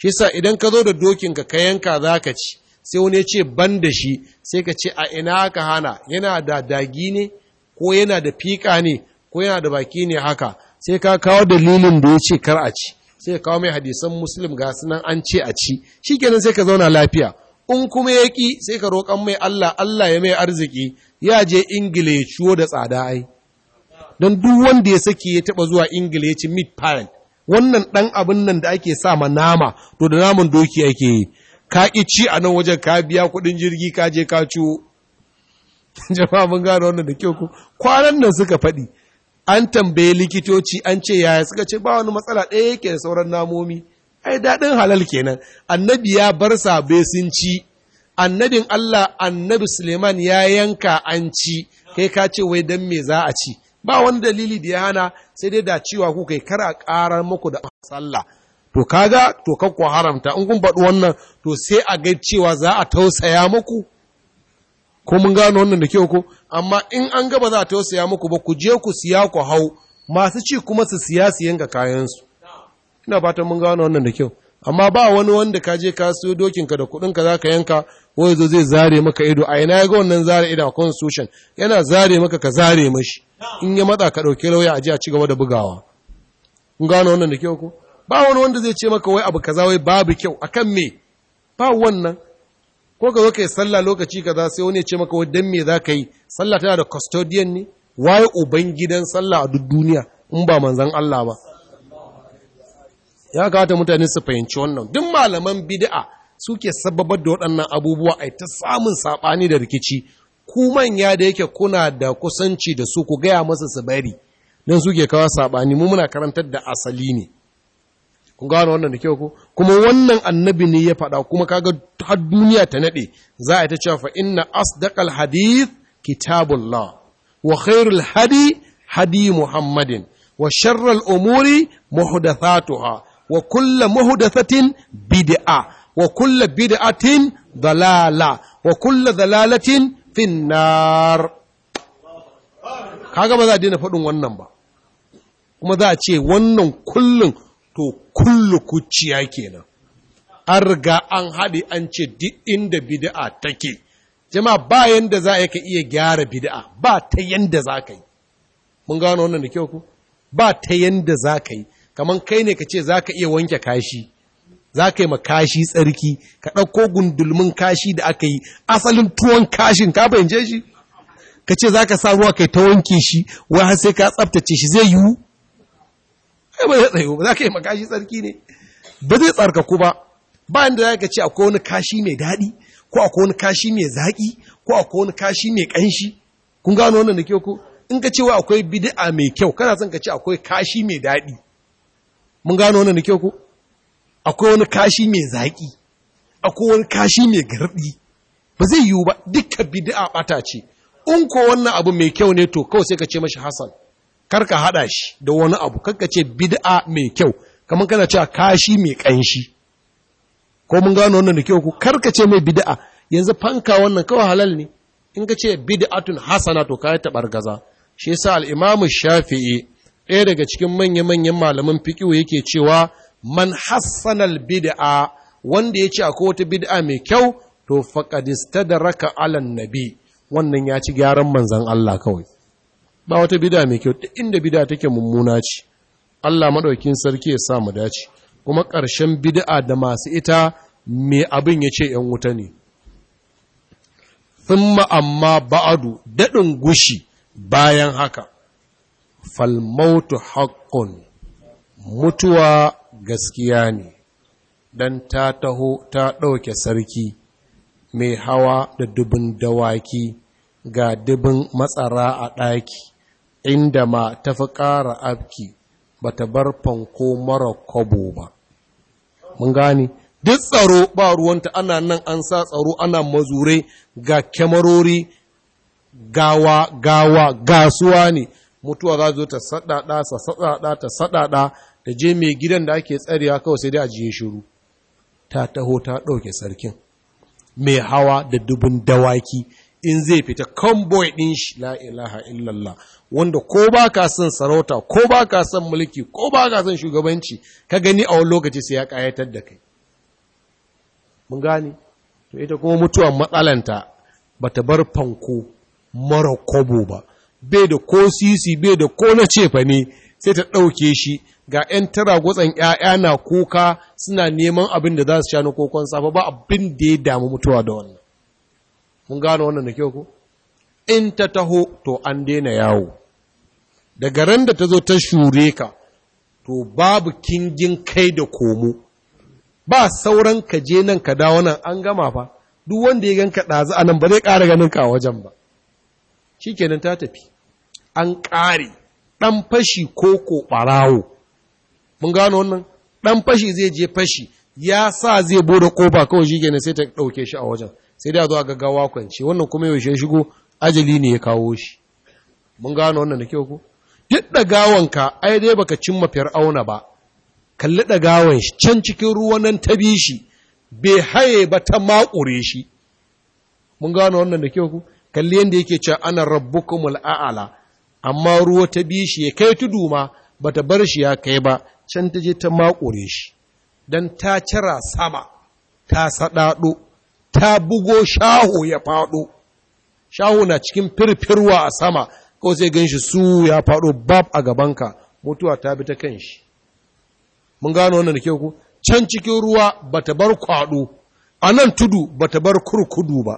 shi idan ka zo da dokin ka kayan kaza ka ci sai wani ya ce ban da shi sai ka ce a ina ka hana yana da dagi ne ko yana da fiƙa ne ko yana da baki ne haka sai ka kawo dalilin da ya ce kar a ci sai ka kawo mai hadisan muslim ga sunan an ce a ci kenan sai ka zauna lafiya in kuma ya ƙi sai ka roƙan mai Allah Allah ya mai arziki ya je ingila ya ciwo da tsada ai don duk wanda ya saki ya taba zuwa ingila ya ci meat pile wannan ɗan abin nan da ake sa ma nama to da naman doki ake yi ka ƙi ci a nan wajen ka biya kuɗin jirgi ka je ka ciwo jama'a mun gano wannan da kyau ko kwanan nan suka faɗi an tambaye likitoci an ce yaya suka ce ba wani matsala ɗaya yake da sauran namomi ai daɗin halal kenan annabi ya bar sabe sun ci annabin Allah annabi Suleiman ya yanka an ci kai ka ce wai dan me za a ci ba wani dalili da ya hana sai dai da cewa ku kai kar a ƙarar muku da sallah to kaga to ku haramta in kun faɗi wannan to sai a ga cewa za a tausaya muku ko mun gano wannan da kyau ko amma in an gaba za a tausaya muku ba ku je ku siya ku hau masu ci kuma su siya su yanka kayansu ina fatan mun gano wannan da kyau amma ba wani wanda ka je ka dokin ka da kuɗinka za ka yanka wai zo zai zare maka ido a ina ya ga wannan zare ido a constitution yana zare maka ka zare mashi in ya matsa ka ɗauki lauya a ji a ci gaba da bugawa kun gano wannan da kyau ko ba wani wanda zai ce maka wai abu kaza wai babu kyau akan me ba wannan ko ka zo yi sallah lokaci kaza sai wani ya ce maka wai dan me za ka yi sallah tana da custodian ne waye Ubangidan sallah a duk duniya in ba manzon Allah ba ya kawata mutane su fahimci wannan duk malaman bid'a suke sababar da waɗannan abubuwa ai ta samun saɓani da rikici ku manya da yake kuna da kusanci da su ku gaya masa su bari don suke kawo saɓani mu muna karantar da asali ne kun gano wannan da kyau ko kuma wannan annabi ne ya faɗa kuma kaga har duniya ta nade za a ta cewa fa inna asdaqal hadith kitabullah wa khairul hadi hadi muhammadin wa sharral umuri muhdathatuha wa kullu muhdathatin bid'a wa kullu bid'atin dalala wa kullu dalalatin finnar kaga ba za a daina faɗin wannan ba kuma za a ce wannan kullum kullu kuciya kenan an riga an haɗe an ce duk inda bid'a take jama ba yanda za ka iya gyara bid'a ba ta yanda za ka yi mun gano wannan da kyau ku ba ta yanda za ka yi kamar kai ne ka ce za ka iya wanke kashi za ka yi ma kashi tsarki ka ɗauko gundulmin kashi da aka yi asalin tuwon kashin ka fahimce shi ka ce za ka sa ruwa kai ta wanke shi wai har sai ka tsaftace shi zai yiwu ba zai tsayo ba za ka yi makashi tsarki ne ba zai tsarkaku ba ba inda za ka ce akwai wani kashi mai daɗi ko akwai wani kashi mai zaƙi ko akwai wani kashi mai ƙanshi kun gano wannan da ke ku in ka ce wa akwai bid'a mai kyau kana son ka ce akwai kashi mai daɗi mun gano wannan da ke ku akwai wani kashi mai zaƙi akwai wani kashi mai garɗi ba zai yiwu ba dukkan bid'a ɓata ce in ko wannan abu mai kyau ne to kawai sai ka ce mashi hasan karka haɗa shi da wani abu karka ce bid'a mai kyau kamar kana cewa kashi mai ƙanshi ko mun gano wannan da kyau ku karka ce mai bid'a yanzu fanka wannan kawai halal ne in ka ce bid'atun hasana to kai ta bargaza shi yasa al-Imam Shafi'i ɗaya daga cikin manya-manyan malaman fiqh yake cewa man hassanal bid'a wanda ya ce akwai wata bid'a mai kyau to faqad istadraka 'ala nabi wannan ya ci gyaran manzon Allah kawai ba wata bida mai kyau duk inda bida take mummuna ce Allah maɗaukin sarki ya sa mu dace kuma ƙarshen bid'a da masu ita mai abin ya ce ‘yan wuta ne. Thumma amma ba'adu daɗin gushi bayan haka, falmautu haƙƙun mutuwa gaskiya ne, don ta taho ta ɗauke sarki mai hawa da dubin dawaki ga dubin matsara a ɗaki, inda ma ta fi ƙara abki ba ta bar fanko mara kwabo ba mun gani duk tsaro ba ruwanta ana nan an sa tsaro ana mazure ga kyamarori gawa gawa gasuwa ne mutuwa za zo ta saɗaɗa sa saɗaɗa ta saɗaɗa ta je mai gidan da ake tsariya kawai sai dai ajiye shiru ta taho ta ɗauke sarkin mai hawa da dubun dawaki in zai fita convoy ɗin shi la ilaha illallah wanda ko ba ka son sarauta ko ba ka son mulki ko ba ka son shugabanci ka gani a wani lokaci sai ya ƙayatar da kai mun gane to ita kuma mutuwar matsalanta ba ta bar fanko mara kobo ba bai da ko sisi bai da ko na cefa ne sai ta ɗauke shi ga 'yan tara gutsan 'ya'ya na kuka suna neman abin da za su sha na kokon safa ba abin da ya damu mutuwa da wannan mun gano wannan da kyau ko in ta taho to an daina yawo daga ran da ta zo ta shure ka to babu kingin kai da komo ba sauran ka je nan ka dawo nan an gama fa duk wanda ya ganka ɗazu a nan ba zai ƙara ganin ka a wajen ba shikenan ta tafi an ƙare ɗan fashi ko ko ɓarawo mun gano wannan ɗan fashi zai je fashi ya sa zai bude ƙofa kawai shikenan sai ta ɗauke shi a wajen sai da zuwa gaggawa kwance wannan kuma yaushe shigo ajali ne ya kawo shi mun gano wannan da kyau ko duk gawanka ai dai baka cimma fir'auna ba kalli ɗagawan shi can cikin ruwan nan ta bi shi bai haye ba ta makure shi mun gano wannan da kyau ku kalli yadda yake ce ana rabbukumul a'ala amma ruwa ta bi shi ya kai tudu ma bata bar shi ya kai ba can ta je ta makure shi dan ta cira sama ta saɗaɗo ta bugo shaho ya faɗo shaho na cikin firfirwa a sama kawai sai gan shi su ya faɗo bab a gabanka mutuwa ta bi ta kan shi mun gano wannan da kyau ku can cikin ruwa ba ta bar kwaɗo a nan tudu ba ta bar kurkudu ba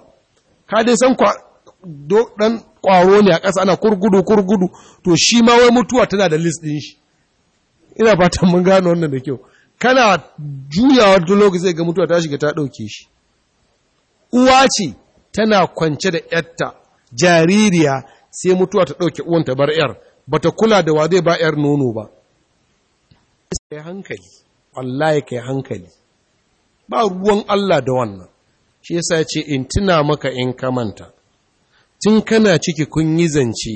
ka dai san ɗan ƙwaro ne a ƙasa ana kurgudu kurgudu to shi ma wai mutuwa tana da list ɗin shi ina fatan mun gano wannan da kyau kana juyawa duk lokaci zai ga mutuwa ta shiga ta ɗauke shi uwa ce tana kwance da ‘yarta jaririya sai mutuwa ta ɗauke uwan ta bar ‘yar ba ta kula da wa zai ba ‘yar nono ba. yi hankali, wallahi kai hankali, ba ruwan Allah da wannan, shi yasa ce in tuna maka in kamanta, tun kana ciki kun yi zance,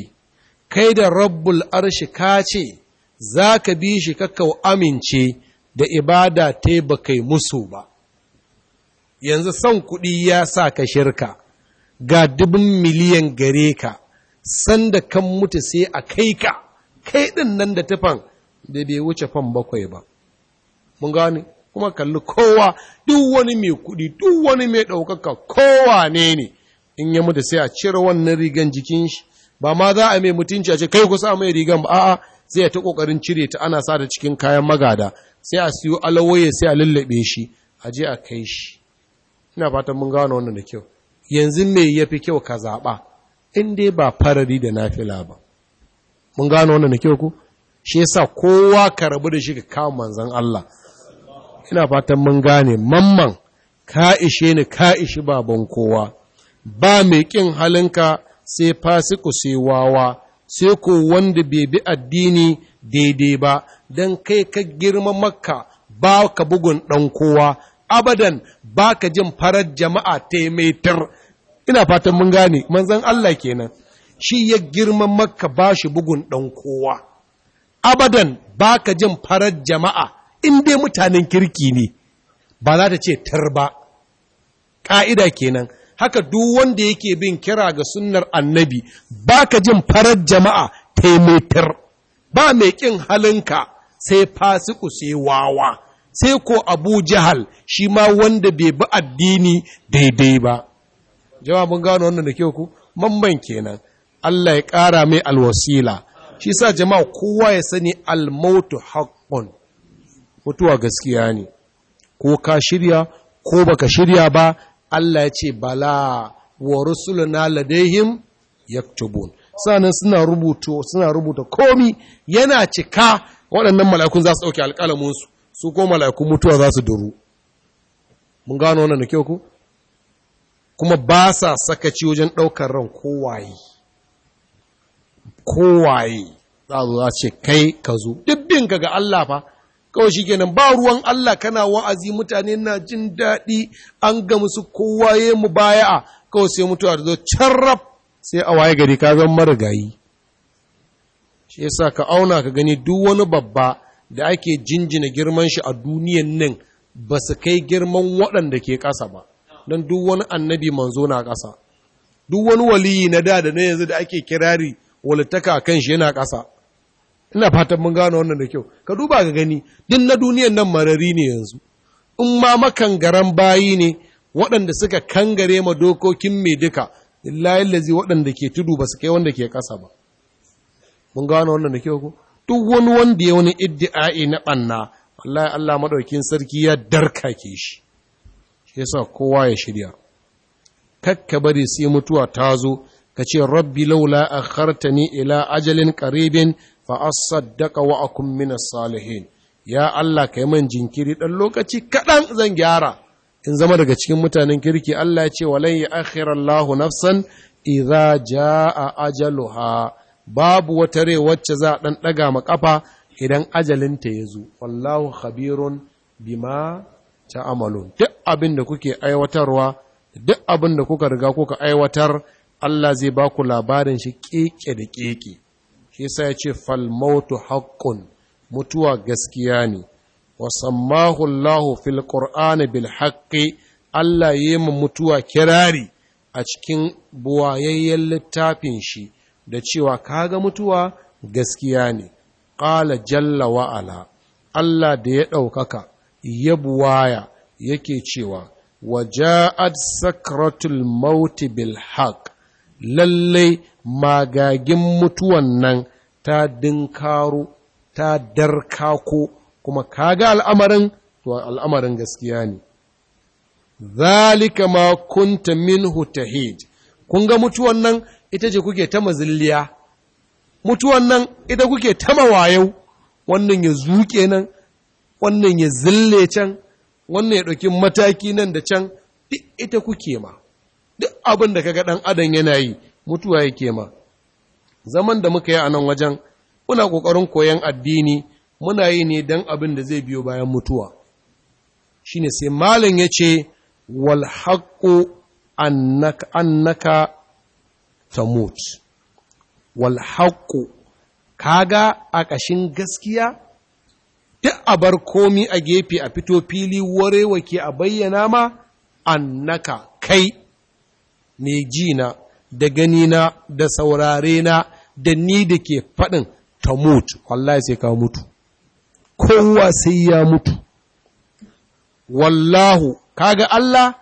kai da rabbul arshi ka ce, za ka bi shi kakau amince da ibada ta ba kai musu ba. yanzu son kuɗi ya sa ka shirka ga dubin miliyan gare ka sanda kan mutu sai a kai ka kai ɗin nan da tufan da bai wuce fan bakwai ba mun gane kuma kalli kowa duk wani mai kuɗi duk wani mai ɗaukaka kowa ne ne in ya mutu sai a cire wannan rigan jikin shi ba ma za a mai mutunci a ce kai kusa mai rigan ba a'a sai ya ta kokarin cire ta ana sa da cikin kayan magada sai a siyo alawaye sai a lullube shi a je a kai shi ina fatan mun gano wannan da kyau yanzu me yafi kyau ka zaɓa in dai ba farari da nafila ba mun gano wannan da kyau ku shi yasa kowa ka rabu da shi ka kawo manzon Allah ina fatan mun gane mamman ka ishe ni ka ishi baban kowa ba mai kin halinka sai fasiku sai wawa sai ko wanda bai bi addini daidai ba dan kai ka girma makka ba ka bugun ɗan kowa abadan ba ka jin farar jama'a taimaitar ina fatan mun gane manzan Allah kenan shi ya girman maka ba shi bugun ɗan kowa abadan ba ka jin farar jama'a in dai mutanen kirki ne ba za ta ce tar ba ƙa'ida kenan haka duk wanda yake bin kira ga sunnar annabi ba ka jin farar jama'a taimaitar ba mai ƙin halinka sai fasiku sai wawa sai ko abu jahal shi ma wanda bai bi addini daidai ba jawabin gano wannan da ke ku mamban kenan Allah ya kara mai alwasila shi sa jama'a kowa ya sani almautu haqqun mutuwa gaskiya ne ko ka shirya ko baka shirya ba Allah ya ce bala wa rusuluna ladaihim yaktubun sanan suna rubuto suna rubuta komi yana cika waɗannan mala'ikun za su ɗauke alƙalaminsu su ko mala'ikun mutuwa za su duru mun gano wannan da kyau ku kuma ba sa sakaci wajen ɗaukar ran kowaye kowaye za zo za ce kai ka zo dubbin ga Allah fa kawai shi kenan ba ruwan Allah kana wa'azi mutane na jin daɗi an ga musu kowaye mu baya'a kawai sai mutuwa da zo carrab sai a waye gari ka zan marigayi shi yasa ka auna ka gani duk wani babba da ake jinjina girman shi a duniyan nan ba su kai girman waɗanda ke ƙasa ba don duk wani annabi manzo na ƙasa duk wani waliyi na da da na yanzu da ake kirari walittaka kan shi yana ƙasa ina fatan mun gano wannan da kyau ka duba ga gani din na duniyan nan marari ne yanzu in ma makangaran bayi ne waɗanda suka kangare ma dokokin mai duka illahi lazi waɗanda ke tudu ba su kai wanda ke ƙasa ba mun gano wannan da kyau ko duk wani wanda ya wani iddi'a'i na ɓanna wallahi Allah maɗaukin sarki ya darka ke shi shi yasa kowa ya shirya kakka bari sai mutuwa ta zo ka ce rabbi laula a ni ila ajalin ƙaribin fa a wa akum mina salihin ya Allah ka yi man jinkiri ɗan lokaci kaɗan zan gyara in zama daga cikin mutanen kirki Allah ya ce walan ya Allahu nafsan ja a ajaluha babu wata rai wacce za a ɗan ɗaga ma ƙafa idan ajalinta ya zo wallahu khabirun bima ta ta'amalun duk abin da kuke aiwatarwa duk abin da kuka riga kuka aiwatar Allah zai ba ku labarin shi keke da keke shi sai ce fal mautu mutuwa gaskiya ne wa sammahu Allahu fil qur'ani bil haqqi Allah yayi mutuwa kirari a cikin buwayayyen littafin shi da cewa kaga mutuwa gaskiya ne ƙala jalla wa'ala Allah da ya ɗaukaka ya buwaya yake cewa wa ja'ad sakratul mauti bil lallai magagin mutuwan nan ta dinkaro ta darkako kuma kaga al'amarin to al'amarin gaskiya ne zalika ma kunta min hutahid, kun ga mutuwan nan ita ce kuke ta mazilliya mutuwan nan ita kuke ta mawayau wannan ya zuke nan wannan ya zille can wannan ya ɗauki mataki nan da can duk ita kuke ma duk abin da kaga ɗan adam yana yi mutuwa yake ma zaman da muka yi a nan wajen muna ƙoƙarin koyon addini muna yi ne don abin da zai biyo bayan mutuwa Shi ne sai malam ya ce wal annaka annaka tamut wal haƙƙo kaga a ƙashin gaskiya duk a bar komi a gefe a fito fili warewa ke a bayyana ma annaka kai mai jina da gani na, da saurare na da ni da ke faɗin ta wallahi sai ka mutu kowa sai ya mutu wallahu kaga Allah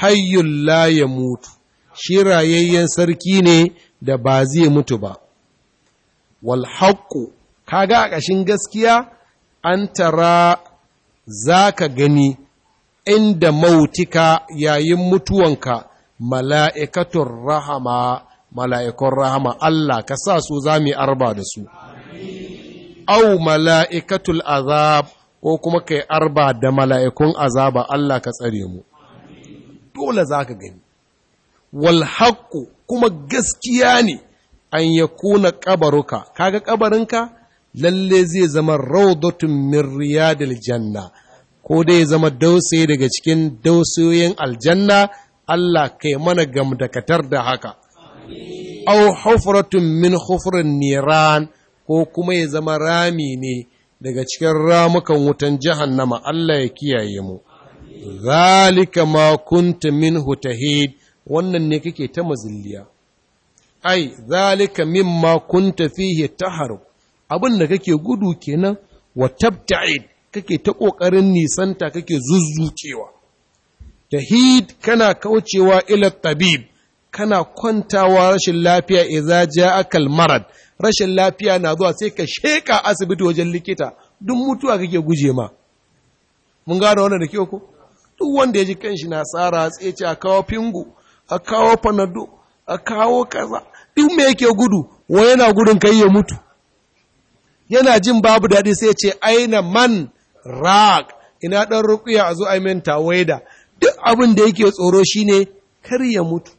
hayyun la ya mutu shi rayayyen sarki ne da ba zai mutu ba wal Ka ga a ƙashin gaskiya an tara za ka gani inda mautika yayin mutuwanka mala'ikatun rahama mala'ikun rahama Allah ka sa su za mu arba da su au mala'ikatul azab ko kuma kai arba da mala'ikun azaba Allah ka tsare mu dole za ka gani wal kuma gaskiya ne an yakuna ƙabaruka kaga ƙabarinka? lalle zai zama rawdatun min riyadil janna ko dai zama dausaye daga cikin dausoyin aljanna Allah kai mana gamdakatar da haka au hufratun min hufrin niran ko kuma ya zama rami ne daga cikin ramukan wutan jahannama Allah ya kiyaye mu zalika ma kunta min hutahid. wannan ne kake ta mazilliya ai zalika mimma kunta fihi taharu abin da kake gudu kenan wa tabta'id kake ta kokarin nisanta kake zuzzukewa tahid kana kaucewa ila tabib kana kwantawa rashin lafiya idza ja'aka marad rashin lafiya na zuwa sai ka sheka asibiti wajen likita duk mutuwa kake guje ma mun gano wannan da kyau ko duk wanda ya ji kanshi na tsara tsaye ce a kawo fingo. a kawo fanado a kawo kaza duk me yake gudu wa yana gudun kai ya mutu yana jin babu daɗi sai ce aina man rak ina ɗan rukuya a zo a menta waida duk abin da yake tsoro shine kar ya mutu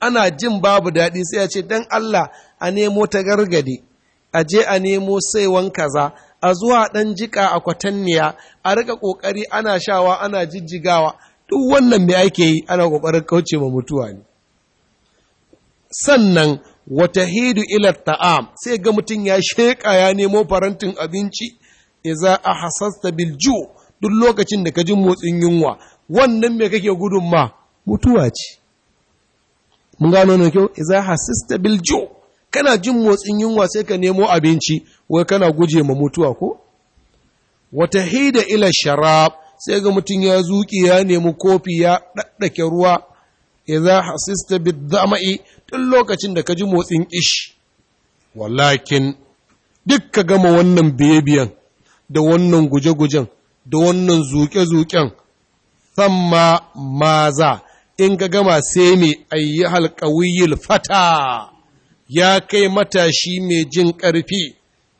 ana jin babu daɗi sai ya ce dan Allah a nemo ta gargade a je a nemo saiwan kaza a zuwa ɗan jika a kwatanniya a rika ƙoƙari ana shawa ana jijjigawa duk wannan mai ake yi ana ƙoƙarin kauce ma mutuwa ne sannan wata hidu ila ta'am sai ga mutum ya sheƙa ya nemo farantin abinci iza a hasasta bilju duk lokacin da ka ji motsin yunwa wannan mai kake gudun ma mutuwa ce mun gano ne kyau iza hasasta bilju kana jin motsin yunwa sai ka nemo abinci wai kana guje ma mutuwa ko wata hida ila sharab sai ga mutum ya zuƙi ya nemi kofi ya ɗaɗɗake ruwa ya za hasista bi zama'i tun lokacin da ka ji motsin ishi walakin duk ka gama wannan biye da wannan guje-gujen da wannan zuƙe-zuƙen samma maza in ka gama sai mai ayi halƙawiyyul fata ya kai matashi mai jin ƙarfi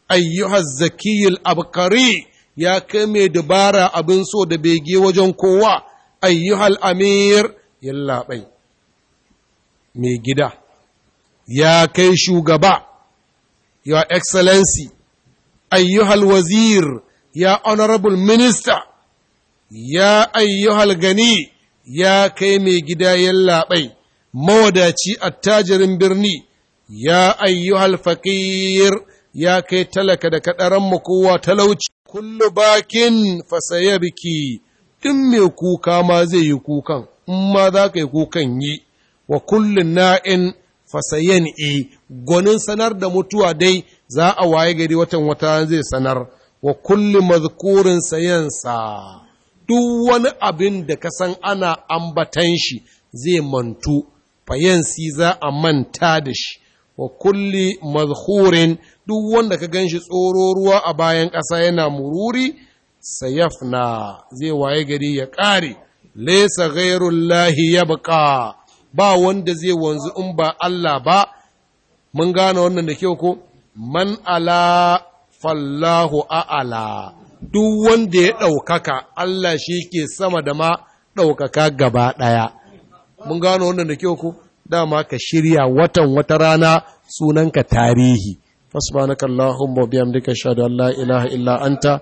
ayyuhar zakiyul abkari ya kai mai dabara abin so da bege wajen kowa ayyuhal amir yallaɓai mai gida ya kai shugaba ya excellency ayyuhal wazir ya honorable minister ya ayyuhal gani ya kai mai gida yallaɓai mawadaci attajirin birni ya ayyuhal faƙir ya kai talaka da kaɗaran kowa talauci kullu bakin fasaya biki, in mai kuka ma zai yi kukan, in ma za ka yi kukan yi, wa kullu na'in fasayen e, gwanin sanar da mutuwa dai za a waye gari watan wata zai sanar, wa kullu mazkurin sayansa. Duk wani abin da ka san ana ambatan shi zai mantu, fayansi za a manta da shi, wa kulli mazhurin duk wanda ka ganshi tsoro ruwa a bayan ƙasa yana mururi sayafna zai waye gari ya ƙare laysa ghayrullahi yabqa ba wanda zai wanzu in ba Allah ba mun gane wannan da kyau ko man ala fallahu a'ala duk wanda ya ɗaukaka Allah shi ke sama da ma ɗaukaka gaba ɗaya mun gano wannan da kyau ko dama ka shirya watan wata rana sunanka tarihi fasbanaka Allahumma wa bihamdika ashhadu an la ilaha illa anta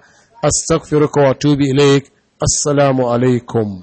astaghfiruka wa atubu ilaik assalamu alaikum